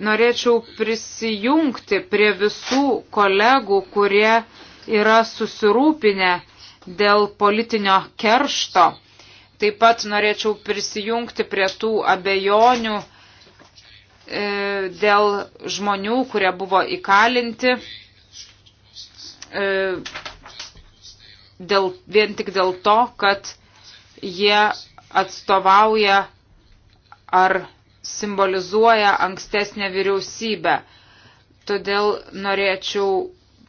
norėčiau prisijungti prie visų kolegų, kurie yra susirūpinę dėl politinio keršto. Taip pat norėčiau prisijungti prie tų abejonių e, dėl žmonių, kurie buvo įkalinti e, dėl, vien tik dėl to, kad jie atstovauja ar simbolizuoja ankstesnę vyriausybę. Todėl norėčiau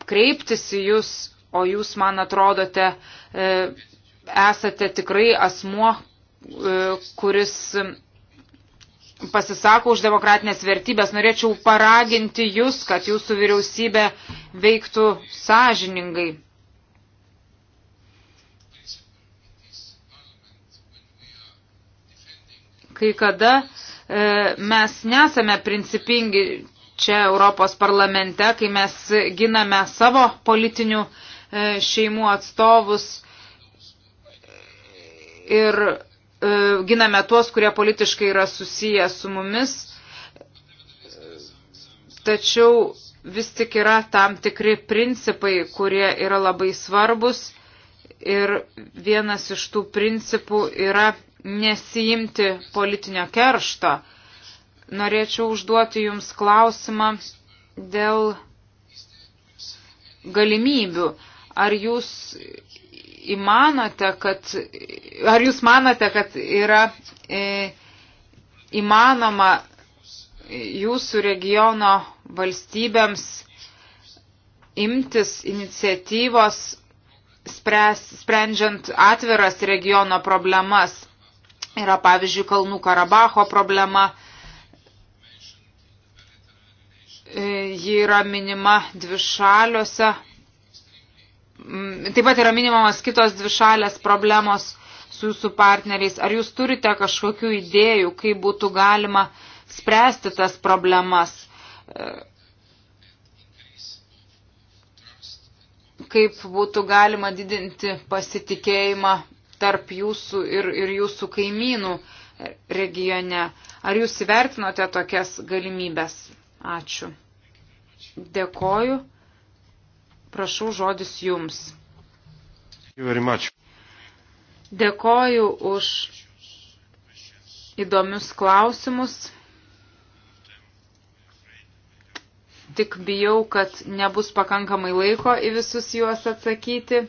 kreiptis į jūs, o jūs, man atrodote, e, esate tikrai asmuo, e, kuris pasisako už demokratinės vertybės. Norėčiau paraginti jūs, kad jūsų vyriausybė veiktų sąžiningai. Kai kada E, mes nesame principingi čia Europos parlamente, kai mes giname savo politinių e, šeimų atstovus ir e, giname tuos, kurie politiškai yra susiję su mumis. Tačiau vis tik yra tam tikri principai, kurie yra labai svarbus ir vienas iš tų principų yra nesijimti politinio keršto. Norėčiau užduoti Jums klausimą dėl galimybių. Ar Jūs įmanote, kad, ar Jūs manote, kad yra e, įmanoma Jūsų regiono valstybėms imtis iniciatyvos spręs, sprendžiant atviras regiono problemas? Yra pavyzdžiui Kalnų Karabaho problema. E, ji yra minima dvišaliuose. Mm, taip pat yra minimamas kitos dvišalės problemos su jūsų partneriais. Ar jūs turite kažkokių idėjų, kaip būtų galima spręsti tas problemas? E, kaip būtų galima didinti pasitikėjimą tarp jūsų ir, ir jūsų kaimynų regione. Ar jūs įvertinote tokias galimybės? Ačiū. Dėkoju. Prašau žodis jums. Dėkoju už įdomius klausimus. Tik bijau, kad nebus pakankamai laiko į visus juos atsakyti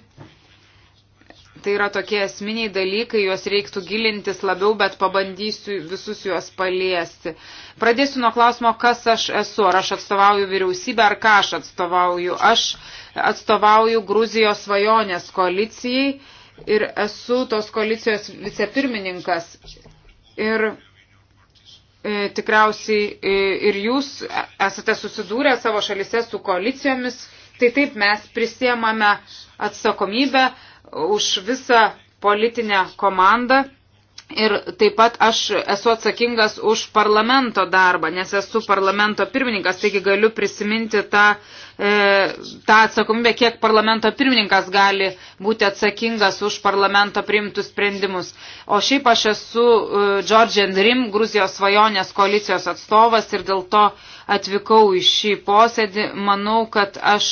tai yra tokie esminiai dalykai, juos reiktų gilintis labiau, bet pabandysiu visus juos paliesti. Pradėsiu nuo klausimo, kas aš esu, ar aš atstovauju vyriausybę, ar ką aš atstovauju. Aš atstovauju Gruzijos svajonės koalicijai ir esu tos koalicijos vicepirmininkas. Ir e, tikriausiai e, ir jūs esate susidūrę savo šalise su koalicijomis, tai taip mes prisiemame atsakomybę už visą politinę komandą. Ir taip pat aš esu atsakingas už parlamento darbą, nes esu parlamento pirmininkas, taigi galiu prisiminti tą, e, tą atsakomybę, kiek parlamento pirmininkas gali būti atsakingas už parlamento priimtus sprendimus. O šiaip aš esu e, George Andrim, Gruzijos svajonės koalicijos atstovas ir dėl to atvykau į šį posėdį. Manau, kad aš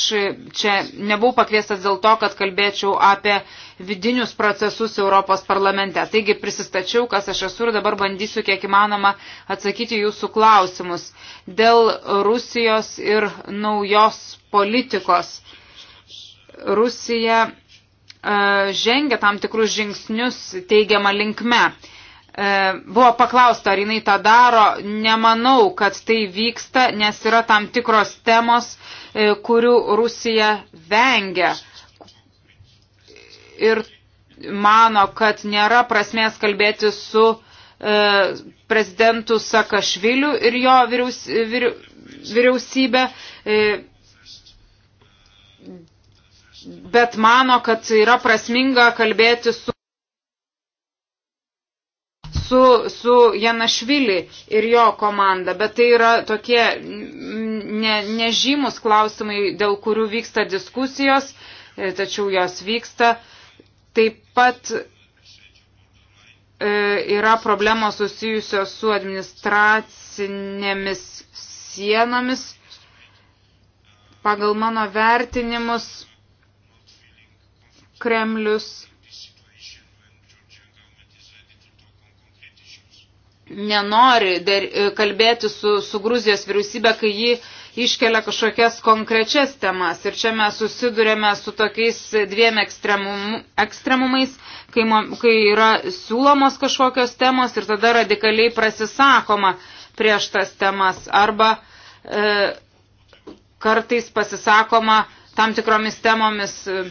čia nebuvau pakviestas dėl to, kad kalbėčiau apie vidinius procesus Europos parlamente. Taigi prisistačiau, kas aš esu ir dabar bandysiu kiek įmanoma atsakyti jūsų klausimus dėl Rusijos ir naujos politikos. Rusija e, žengia tam tikrus žingsnius teigiamą linkme. E, buvo paklausta, ar jinai tą daro, nemanau, kad tai vyksta, nes yra tam tikros temos, e, kurių Rusija vengia. Ir mano, kad nėra prasmės kalbėti su e, prezidentu Sakašviliu ir jo vyriaus, vyri, vyriausybė, e, bet mano, kad yra prasminga kalbėti su su, su Janašvili ir jo komanda, bet tai yra tokie ne, nežymus klausimai, dėl kurių vyksta diskusijos, e, tačiau jos vyksta. Taip pat e, yra problemos susijusios su administracinėmis sienomis. Pagal mano vertinimus Kremlius nenori der, e, kalbėti su, su Gruzijos vyriausybė, kai ji iškelia kažkokias konkrečias temas. Ir čia mes susidurėme su tokiais dviem ekstremum, ekstremumais, kai, kai yra siūlomos kažkokios temos ir tada radikaliai prasisakoma prieš tas temas. Arba e, kartais pasisakoma tam tikromis temomis. E,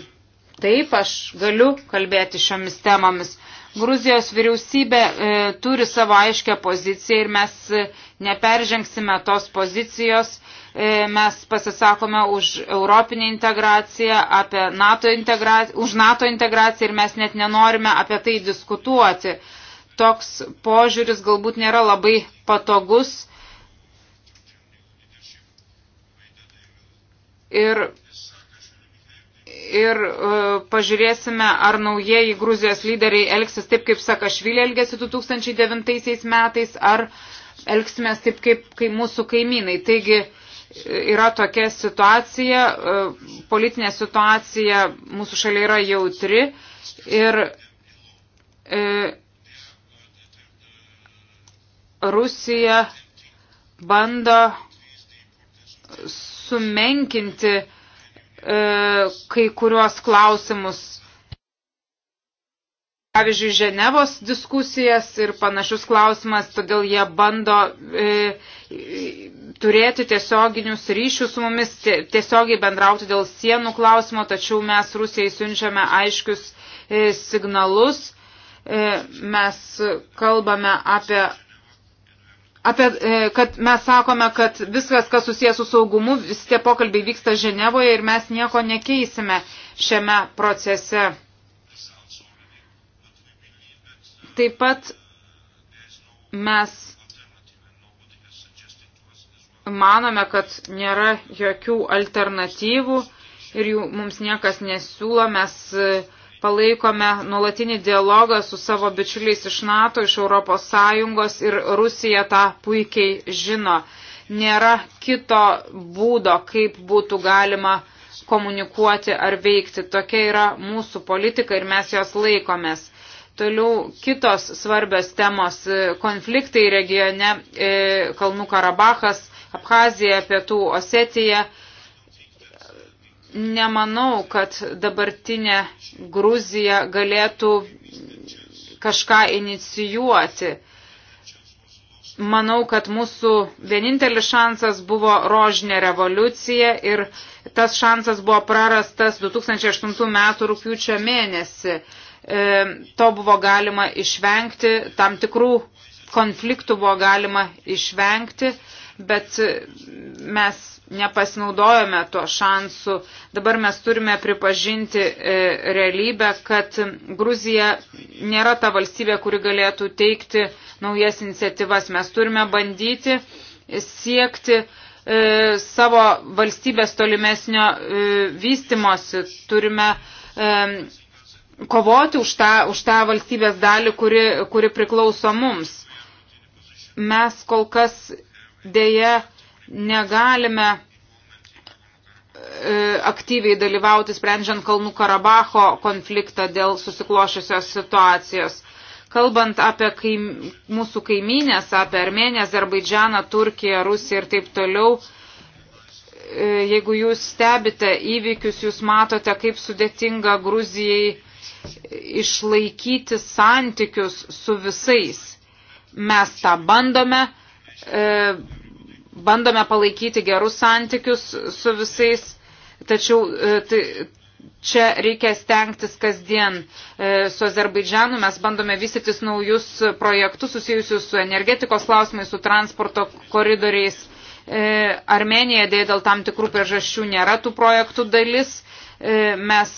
Taip, aš galiu kalbėti šiomis temomis, Gruzijos vyriausybė e, turi savo aiškę poziciją ir mes e, neperžengsime tos pozicijos. E, mes pasisakome už europinę integraciją, NATO integraciją, už NATO integraciją ir mes net nenorime apie tai diskutuoti. Toks požiūris galbūt nėra labai patogus. Ir ir uh, pažiūrėsime, ar naujieji Gruzijos lyderiai elgsis taip, kaip Sakašvilė elgėsi 2009 metais, ar elgsime taip, kaip kai mūsų kaimynai. Taigi e, yra tokia situacija, uh, politinė situacija mūsų šalia yra jautri ir uh, Rusija bando sumenkinti uh, E, kai kuriuos klausimus, pavyzdžiui, Ženevos diskusijas ir panašius klausimas, todėl jie bando e, turėti tiesioginius ryšius su mumis, tiesiogiai bendrauti dėl sienų klausimo, tačiau mes Rusijai siunčiame aiškius e, signalus. Mes kalbame apie apie, e, kad mes sakome, kad viskas, kas susijęs su saugumu, visi tie pokalbiai vyksta Ženevoje ir mes nieko nekeisime šiame procese. Taip pat mes manome, kad nėra jokių alternatyvų ir jų mums niekas nesiūlo, mes uh, palaikome nuolatinį dialogą su savo bičiuliais iš NATO, iš Europos Sąjungos ir Rusija tą puikiai žino. Nėra kito būdo, kaip būtų galima komunikuoti ar veikti. Tokia yra mūsų politika ir mes jos laikomės. Toliau kitos svarbios temos - konfliktai regione, e, Kalnų Karabachas, Abhazija, Pietų Osetija nemanau, kad dabartinė Gruzija galėtų kažką inicijuoti. Manau, kad mūsų vienintelis šansas buvo rožinė revoliucija ir tas šansas buvo prarastas 2008 metų rūpiučio mėnesį. E, to buvo galima išvengti, tam tikrų konfliktų buvo galima išvengti. E, bet mes nepasinaudojome tuo šansu. Dabar mes turime pripažinti e, realybę, kad Gruzija nėra ta valstybė, kuri galėtų teikti naujas iniciatyvas. Mes turime bandyti siekti e, savo valstybės tolimesnio e, vystimosi. Turime kovoti už tą, už tą valstybės dalį, kuri, kuri priklauso mums. Mes kol kas dėja negalime e, aktyviai dalyvauti sprendžiant Kalnų Karabacho konfliktą dėl susiklošusios situacijos. Kalbant apie kaim, mūsų kaimynės, apie Armeniją, Azerbaidžianą, Turkiją, Rusiją ir taip toliau, e, jeigu jūs stebite įvykius, jūs matote, kaip sudėtinga Gruzijai išlaikyti santykius su visais. Mes tą bandome, E, bandome palaikyti gerus santykius su visais, tačiau e, tai, čia reikia stengtis kasdien e, su Azerbaidžianu. Mes bandome vystytis naujus projektus susijusius su energetikos klausimais, su transporto koridoriais. Armenija dėja dėl tam tikrų priežasčių nėra tų projektų dalis mes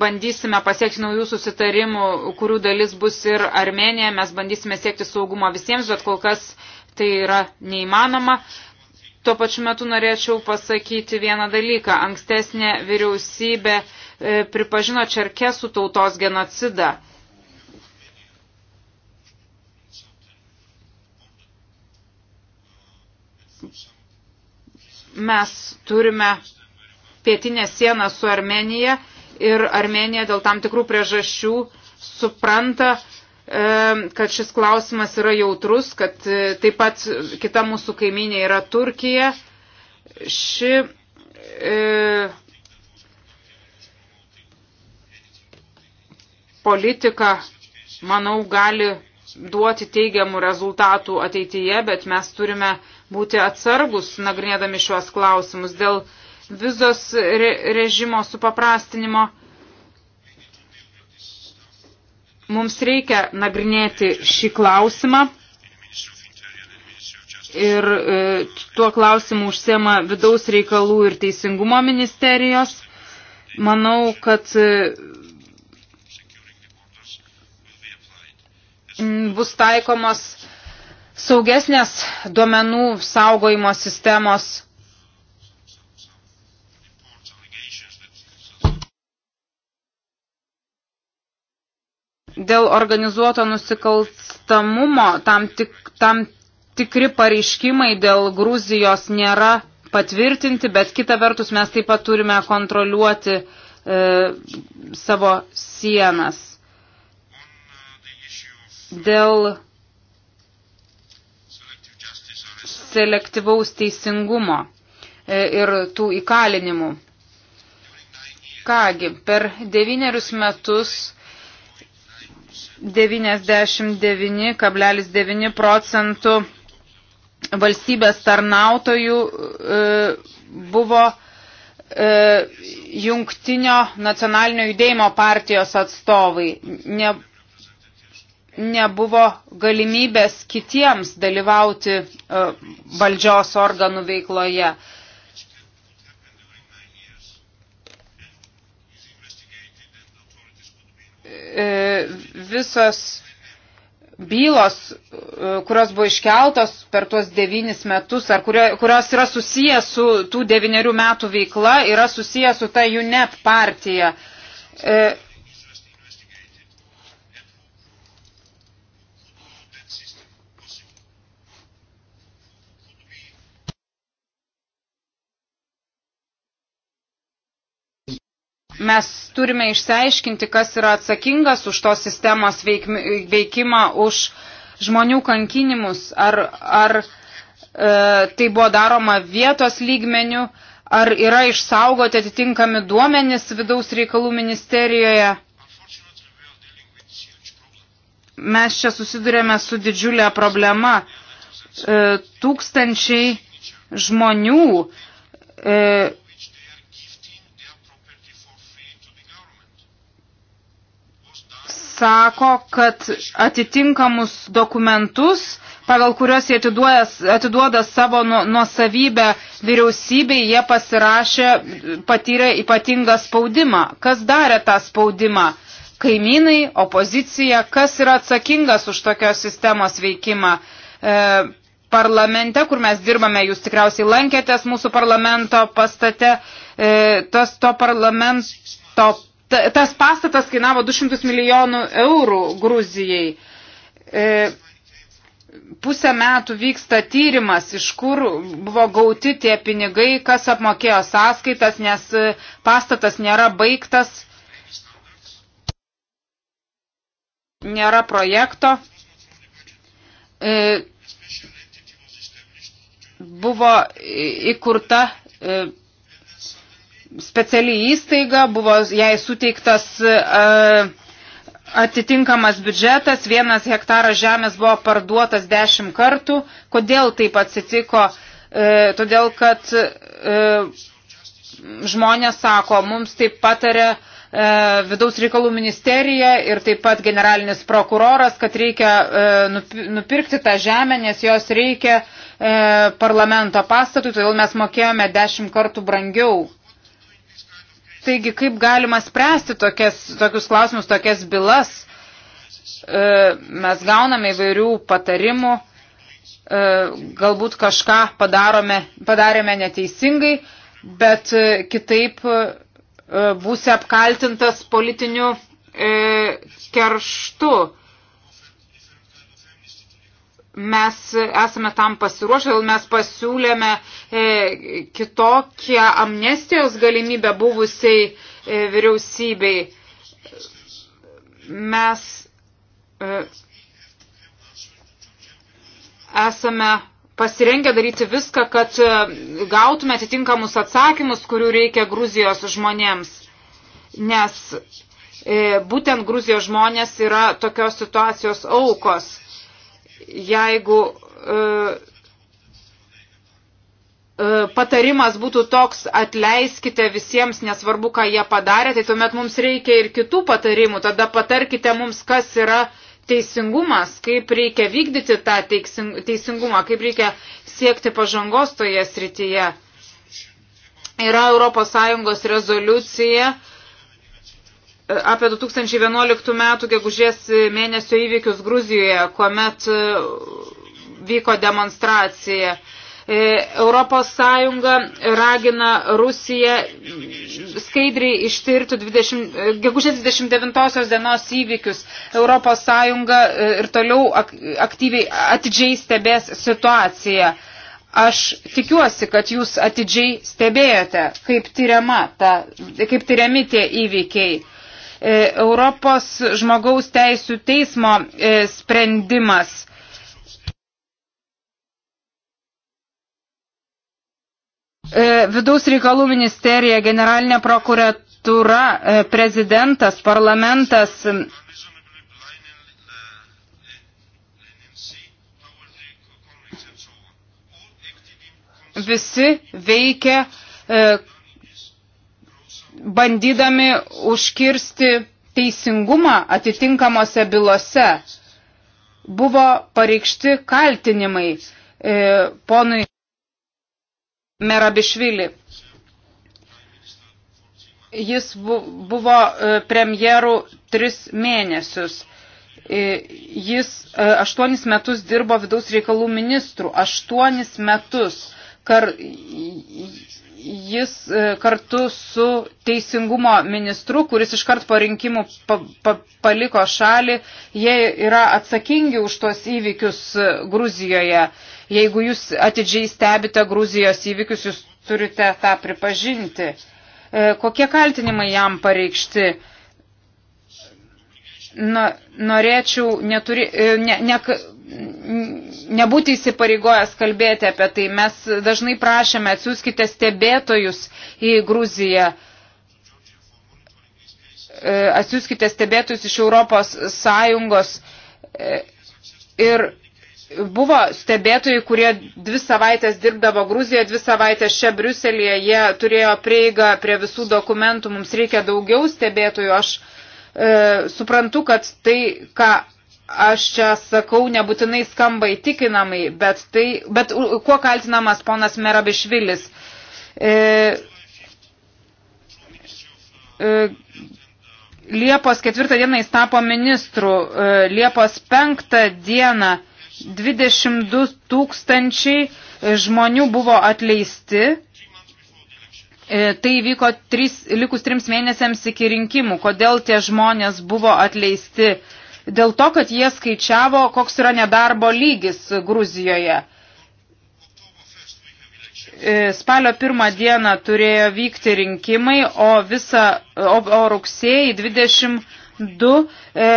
bandysime pasiekti naujų susitarimų, kurių dalis bus ir Armenija, mes bandysime siekti saugumo visiems, bet kol kas tai yra neįmanoma. Tuo pačiu metu norėčiau pasakyti vieną dalyką. Ankstesnė vyriausybė e, pripažino čerkesų tautos genocidą. Mes turime pietinę sieną su Armenija ir Armenija dėl tam tikrų priežasčių supranta, E, kad šis klausimas yra jautrus, kad e, taip pat kita mūsų kaiminė yra Turkija. Ši e, politika, manau, gali duoti teigiamų rezultatų ateityje, bet mes turime būti atsargus, nagrinėdami šiuos klausimus dėl vizos re režimo supaprastinimo. Mums reikia nagrinėti šį klausimą ir e, tuo klausimu užsiema vidaus reikalų ir teisingumo ministerijos. Manau, kad e, bus taikomos saugesnės duomenų saugojimo sistemos dėl organizuoto nusikalstamumo tam, tik, tam tikri pareiškimai dėl Gruzijos nėra patvirtinti, bet kita vertus mes taip pat turime kontroliuoti e, savo sienas. Dėl selektyvaus teisingumo e, ir tų įkalinimų. Kągi, per devynerius metus 99,9 procentų valstybės tarnautojų e, buvo e, jungtinio nacionalinio judėjimo partijos atstovai. Ne, nebuvo galimybės kitiems dalyvauti e, valdžios organų veikloje. E, visos bylos, e, kurios buvo iškeltos per tuos devynis metus, ar kurios yra susijęs su tų devyniarių metų veikla, yra susijęs su ta UNEP partija. E, Mes turime išsiaiškinti, kas yra atsakingas už tos sistemos veikimą, už žmonių kankinimus, ar, ar e, tai buvo daroma vietos lygmenių, ar yra išsaugoti atitinkami duomenys vidaus reikalų ministerijoje mes čia susidurėme su didžiulė problema. E, tūkstančiai žmonių e, sako, kad atitinkamus dokumentus, pagal kuriuos jie atiduoja, atiduoda savo nu, nuosavybę vyriausybei, jie pasirašė, patyrė ypatingą spaudimą. Kas darė tą spaudimą? Kaimynai, opozicija, kas yra atsakingas už tokios sistemos veikimą? E, parlamente, kur mes dirbame, jūs tikriausiai lankėtės mūsų parlamento pastate, e, tas to parlamento tas pastatas kainavo 200 milijonų eurų Gruzijai. E, pusę metų vyksta tyrimas, iš kur buvo gauti tie pinigai, kas apmokėjo sąskaitas, nes e, pastatas nėra baigtas, nėra projekto. E, buvo įkurta e, speciali įstaiga, buvo jai suteiktas e, atitinkamas biudžetas, vienas hektaras žemės buvo parduotas dešimt kartų. Kodėl taip atsitiko? E, todėl, kad e, žmonės sako, mums taip patarė vidaus reikalų ministerija ir taip pat generalinis prokuroras, kad reikia nupirkti tą žemę, nes jos reikia parlamento pastatui, todėl mes mokėjome dešimt kartų brangiau. Taigi, kaip galima spręsti tokias, tokius klausimus, tokias bylas? E, mes gauname įvairių patarimų, e, galbūt kažką padarome, padarėme neteisingai, bet e, kitaip būsi apkaltintas politiniu kerštu mes esame tam pasiruošę, todėl mes pasiūlėme e, kitokią amnestijos galimybę buvusiai e, vyriausybei. Mes e, esame pasirengę daryti viską, kad e, gautume atitinkamus atsakymus, kurių reikia Gruzijos žmonėms. Nes e, būtent Gruzijos žmonės yra tokios situacijos aukos jeigu e, e, patarimas būtų toks, atleiskite visiems, nesvarbu, ką jie padarė, tai tuomet mums reikia ir kitų patarimų. Tada patarkite mums, kas yra teisingumas, kaip reikia vykdyti tą teisingumą, kaip reikia siekti pažangos toje srityje. Yra ES rezoliucija, apie 2011 metų gegužės mėnesio įvykius Gruzijoje, kuomet e, vyko demonstracija. E, Europos Sąjunga ragina Rusiją skaidriai ištirti 20, e, gegužės 29 dienos įvykius. Europos Sąjunga ir toliau aktyviai atidžiai stebės situaciją. Aš tikiuosi, kad jūs atidžiai stebėjote, kaip, tyriama ta, kaip tyriami tie įvykiai. E, Europos žmogaus teisų teismo e, sprendimas. E, vidaus reikalų ministerija, generalinė prokuratūra, prezidentas, parlamentas. Visi veikia bandydami užkirsti teisingumą atitinkamose bylose. Buvo pareikšti kaltinimai e, ponui Merabišvili. Jis buvo e, premjerų tris mėnesius e, jis e, aštuonis metus dirbo vidaus reikalų ministrų. Aštuonis metus. Kar, jis e, kartu su teisingumo ministru, kuris iškart po rinkimų pa, pa, paliko šalį, jie yra atsakingi už tos įvykius e, Gruzijoje. Jeigu jūs atidžiai stebite Gruzijos įvykius, jūs turite tą pripažinti. E, kokie kaltinimai jam pareikšti? na, norėčiau neturi, e, ne, ne, nebūti įsipareigojęs kalbėti apie tai. Mes dažnai prašėme atsiųskite stebėtojus į Gruziją. E, atsiųskite stebėtojus iš Europos Sąjungos. E, ir buvo stebėtojai, kurie dvi savaitės dirbdavo Gruzijoje, dvi savaitės čia Briuselėje, jie turėjo prieigą prie visų dokumentų, mums reikia daugiau stebėtojų. Aš e, suprantu, kad tai, ką aš čia sakau, nebūtinai skamba įtikinamai, bet, tai, bet kuo kaltinamas ponas Merabišvilis? E, e, Liepos ketvirtą dieną jis tapo ministru, e, Liepos penktą dieną 22 tūkstančiai žmonių buvo atleisti E, tai vyko tris, likus trims mėnesiams iki rinkimų. Kodėl tie žmonės buvo atleisti? Dėl to, kad jie skaičiavo, koks yra nedarbo lygis Gruzijoje. E, spalio pirmą dieną turėjo vykti rinkimai, o, visa, o, o rugsėjai 22 e,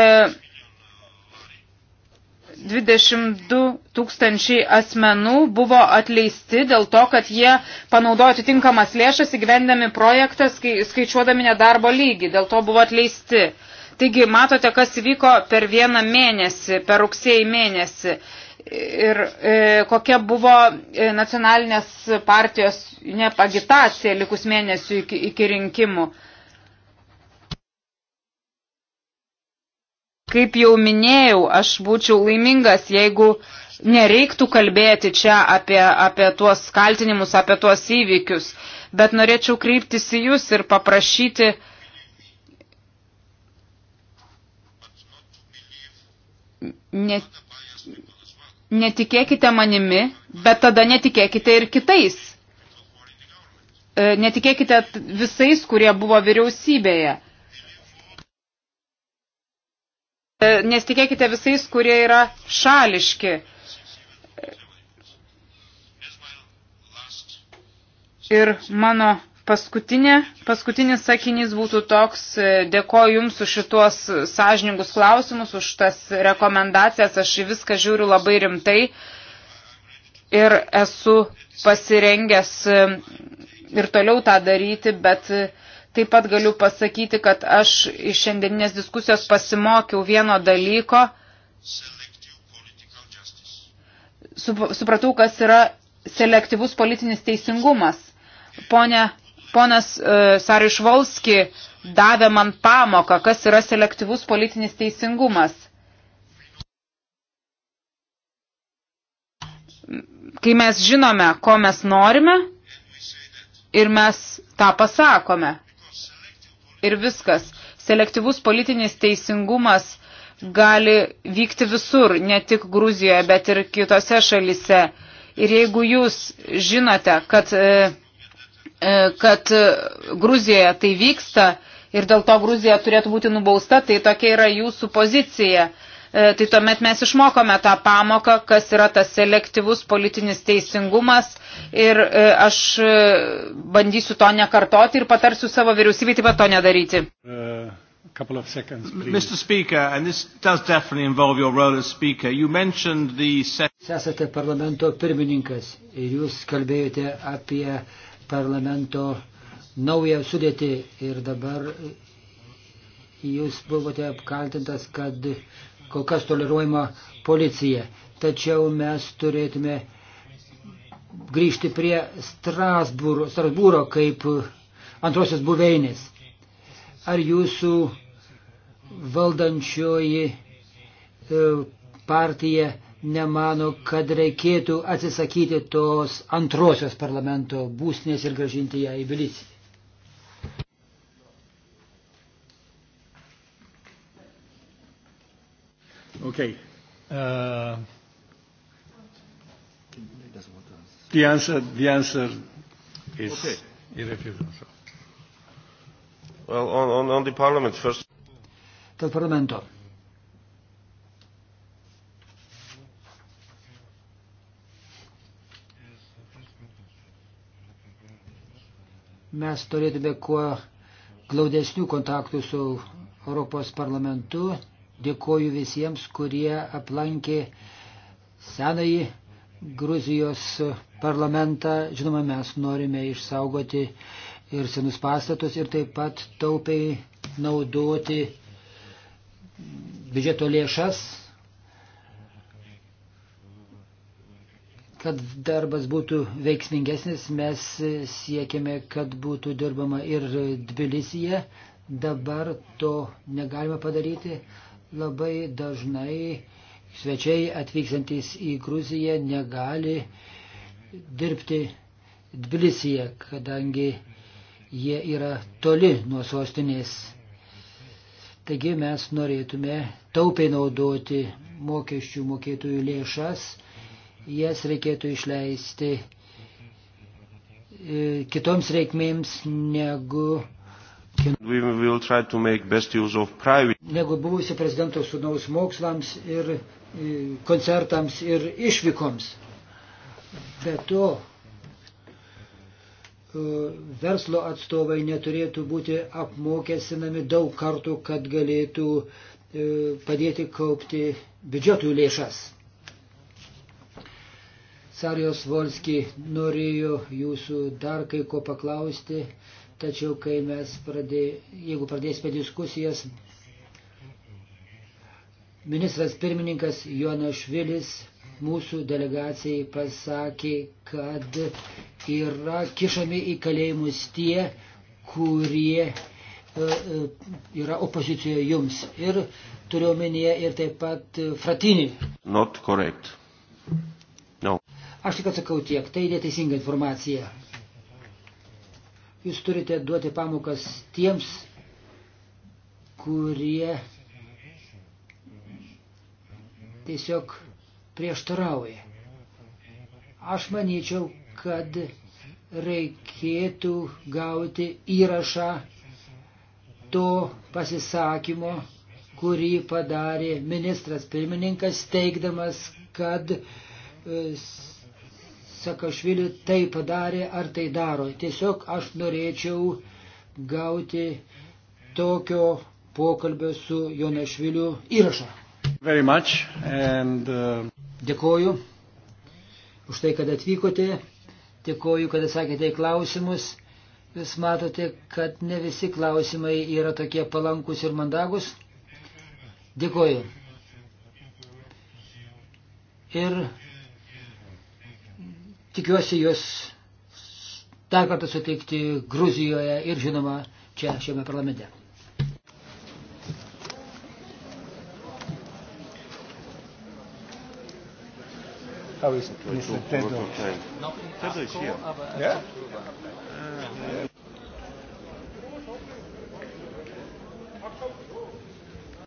22 tūkstančiai asmenų buvo atleisti dėl to, kad jie panaudojo atitinkamas lėšas įgyvendami projektą, skaičiuodami nedarbo lygį, dėl to buvo atleisti. Taigi, matote, kas vyko per vieną mėnesį, per rugsėjį mėnesį ir e, kokia buvo e, nacionalinės partijos ne, agitacija likus mėnesių iki, iki rinkimų. E, Kaip jau minėjau, aš būčiau laimingas, jeigu nereiktų kalbėti čia apie, apie tuos kaltinimus, apie tuos įvykius, bet norėčiau kreiptis į jūs ir paprašyti, net, netikėkite manimi, bet tada netikėkite ir kitais. E, netikėkite visais, kurie buvo vyriausybėje. E, nesitikėkite visais, kurie yra šališki. Ir mano paskutinė, paskutinis sakinys būtų toks, e, dėkoju Jums už šitos sąžiningus klausimus, už tas rekomendacijas, aš į viską žiūriu labai rimtai ir esu pasirengęs e, ir toliau tą daryti, bet Taip pat galiu pasakyti, kad aš iš šiandieninės diskusijos pasimokiau vieno dalyko. Supratau, kas yra selektyvus politinis teisingumas. Pone, ponas e, Sarišvolski davė man pamoką, kas yra selektyvus politinis teisingumas. Kai mes žinome, ko mes norime ir mes tą pasakome ir viskas. Selektyvus politinis teisingumas gali vykti visur, ne tik Gruzijoje, bet ir kitose šalise. Ir jeigu jūs žinote, kad, e, e, kad Gruzijoje tai vyksta ir dėl to Gruzija turėtų būti nubausta, tai tokia yra jūsų pozicija. E, tai tuomet mes išmokome tą pamoką, kas yra tas selektyvus politinis teisingumas ir e, aš e, bandysiu to nekartoti ir patarsiu savo vyriausybei taip pat to nedaryti. Uh. Couple of seconds, please. Mr. Speaker, and this does definitely involve your role as Speaker, you mentioned the... Jūs esate parlamento pirmininkas ir jūs kalbėjote apie parlamento naują sudėtį ir dabar jūs buvote apkaltintas, kad kol kas toleruojama policija. Tačiau mes turėtume grįžti prie Strasbūro, Strasbūro kaip antrosios buveinės. Ar jūsų valdančioji e, partija nemano, kad reikėtų atsisakyti tos antrosios parlamento būsnės ir gražinti ją į Biliciją? Okay. Uh, the answer, the answer is okay. irrefutable. Well, on, on, on the parliament first. Dėl parlamento. Mes turėtume kuo glaudesnių kontaktų su Europos parlamentu Dėkoju visiems, kurie aplankė senąjį Gruzijos parlamentą. Žinoma, mes norime išsaugoti ir senus pastatus ir taip pat taupiai naudoti biudžeto lėšas, kad darbas būtų veiksmingesnis, mes siekiame, kad būtų dirbama ir Tbilisyje. Dabar to negalime padaryti. Labai dažnai svečiai atvykstantis į Gruziją negali dirbti Dbilisyje, kadangi jie yra toli nuo sostinės. Taigi mes norėtume taupiai naudoti mokesčių mokėtojų lėšas, jas reikėtų išleisti e, kitoms reikmėms negu negu buvusio prezidento sūnaus mokslams ir e, koncertams ir išvykoms. Be to, e, verslo atstovai neturėtų būti apmokestinami daug kartų, kad galėtų e, padėti kaupti biudžetų lėšas. Sarijos Volski norėjo jūsų dar kai ko paklausti, Tačiau, kai mes pradė, jeigu pradėsime diskusijas, ministras pirmininkas Jonas Švilis mūsų delegacijai pasakė, kad yra kišami į kalėjimus tie, kurie e, e, yra opozicijoje jums. Ir turiu omenyje ir taip pat fratinį. Not correct. No. Aš tik atsakau tiek, tai neteisinga informacija. Jūs turite duoti pamokas tiems, kurie tiesiog prieštarauja. Aš manyčiau, kad reikėtų gauti įrašą to pasisakymo, kurį padarė ministras pirmininkas, teikdamas, kad e, Sakašvili tai padarė ar tai daro. Tiesiog aš norėčiau gauti tokio pokalbio su Jonašviliu įrašą. Very much and, uh... Dėkoju už tai, kad atvykote. Dėkoju, kad atsakėte į klausimus. Jūs matote, kad ne visi klausimai yra tokie palankus ir mandagus. Dėkoju. Ir Tikiuosi jūs dar kartą suteikti Gruzijoje ir žinoma čia šiame parlamente. How is it? Mr. Tedros. Nothing. Tedros here. Er yeah? Uh, yeah.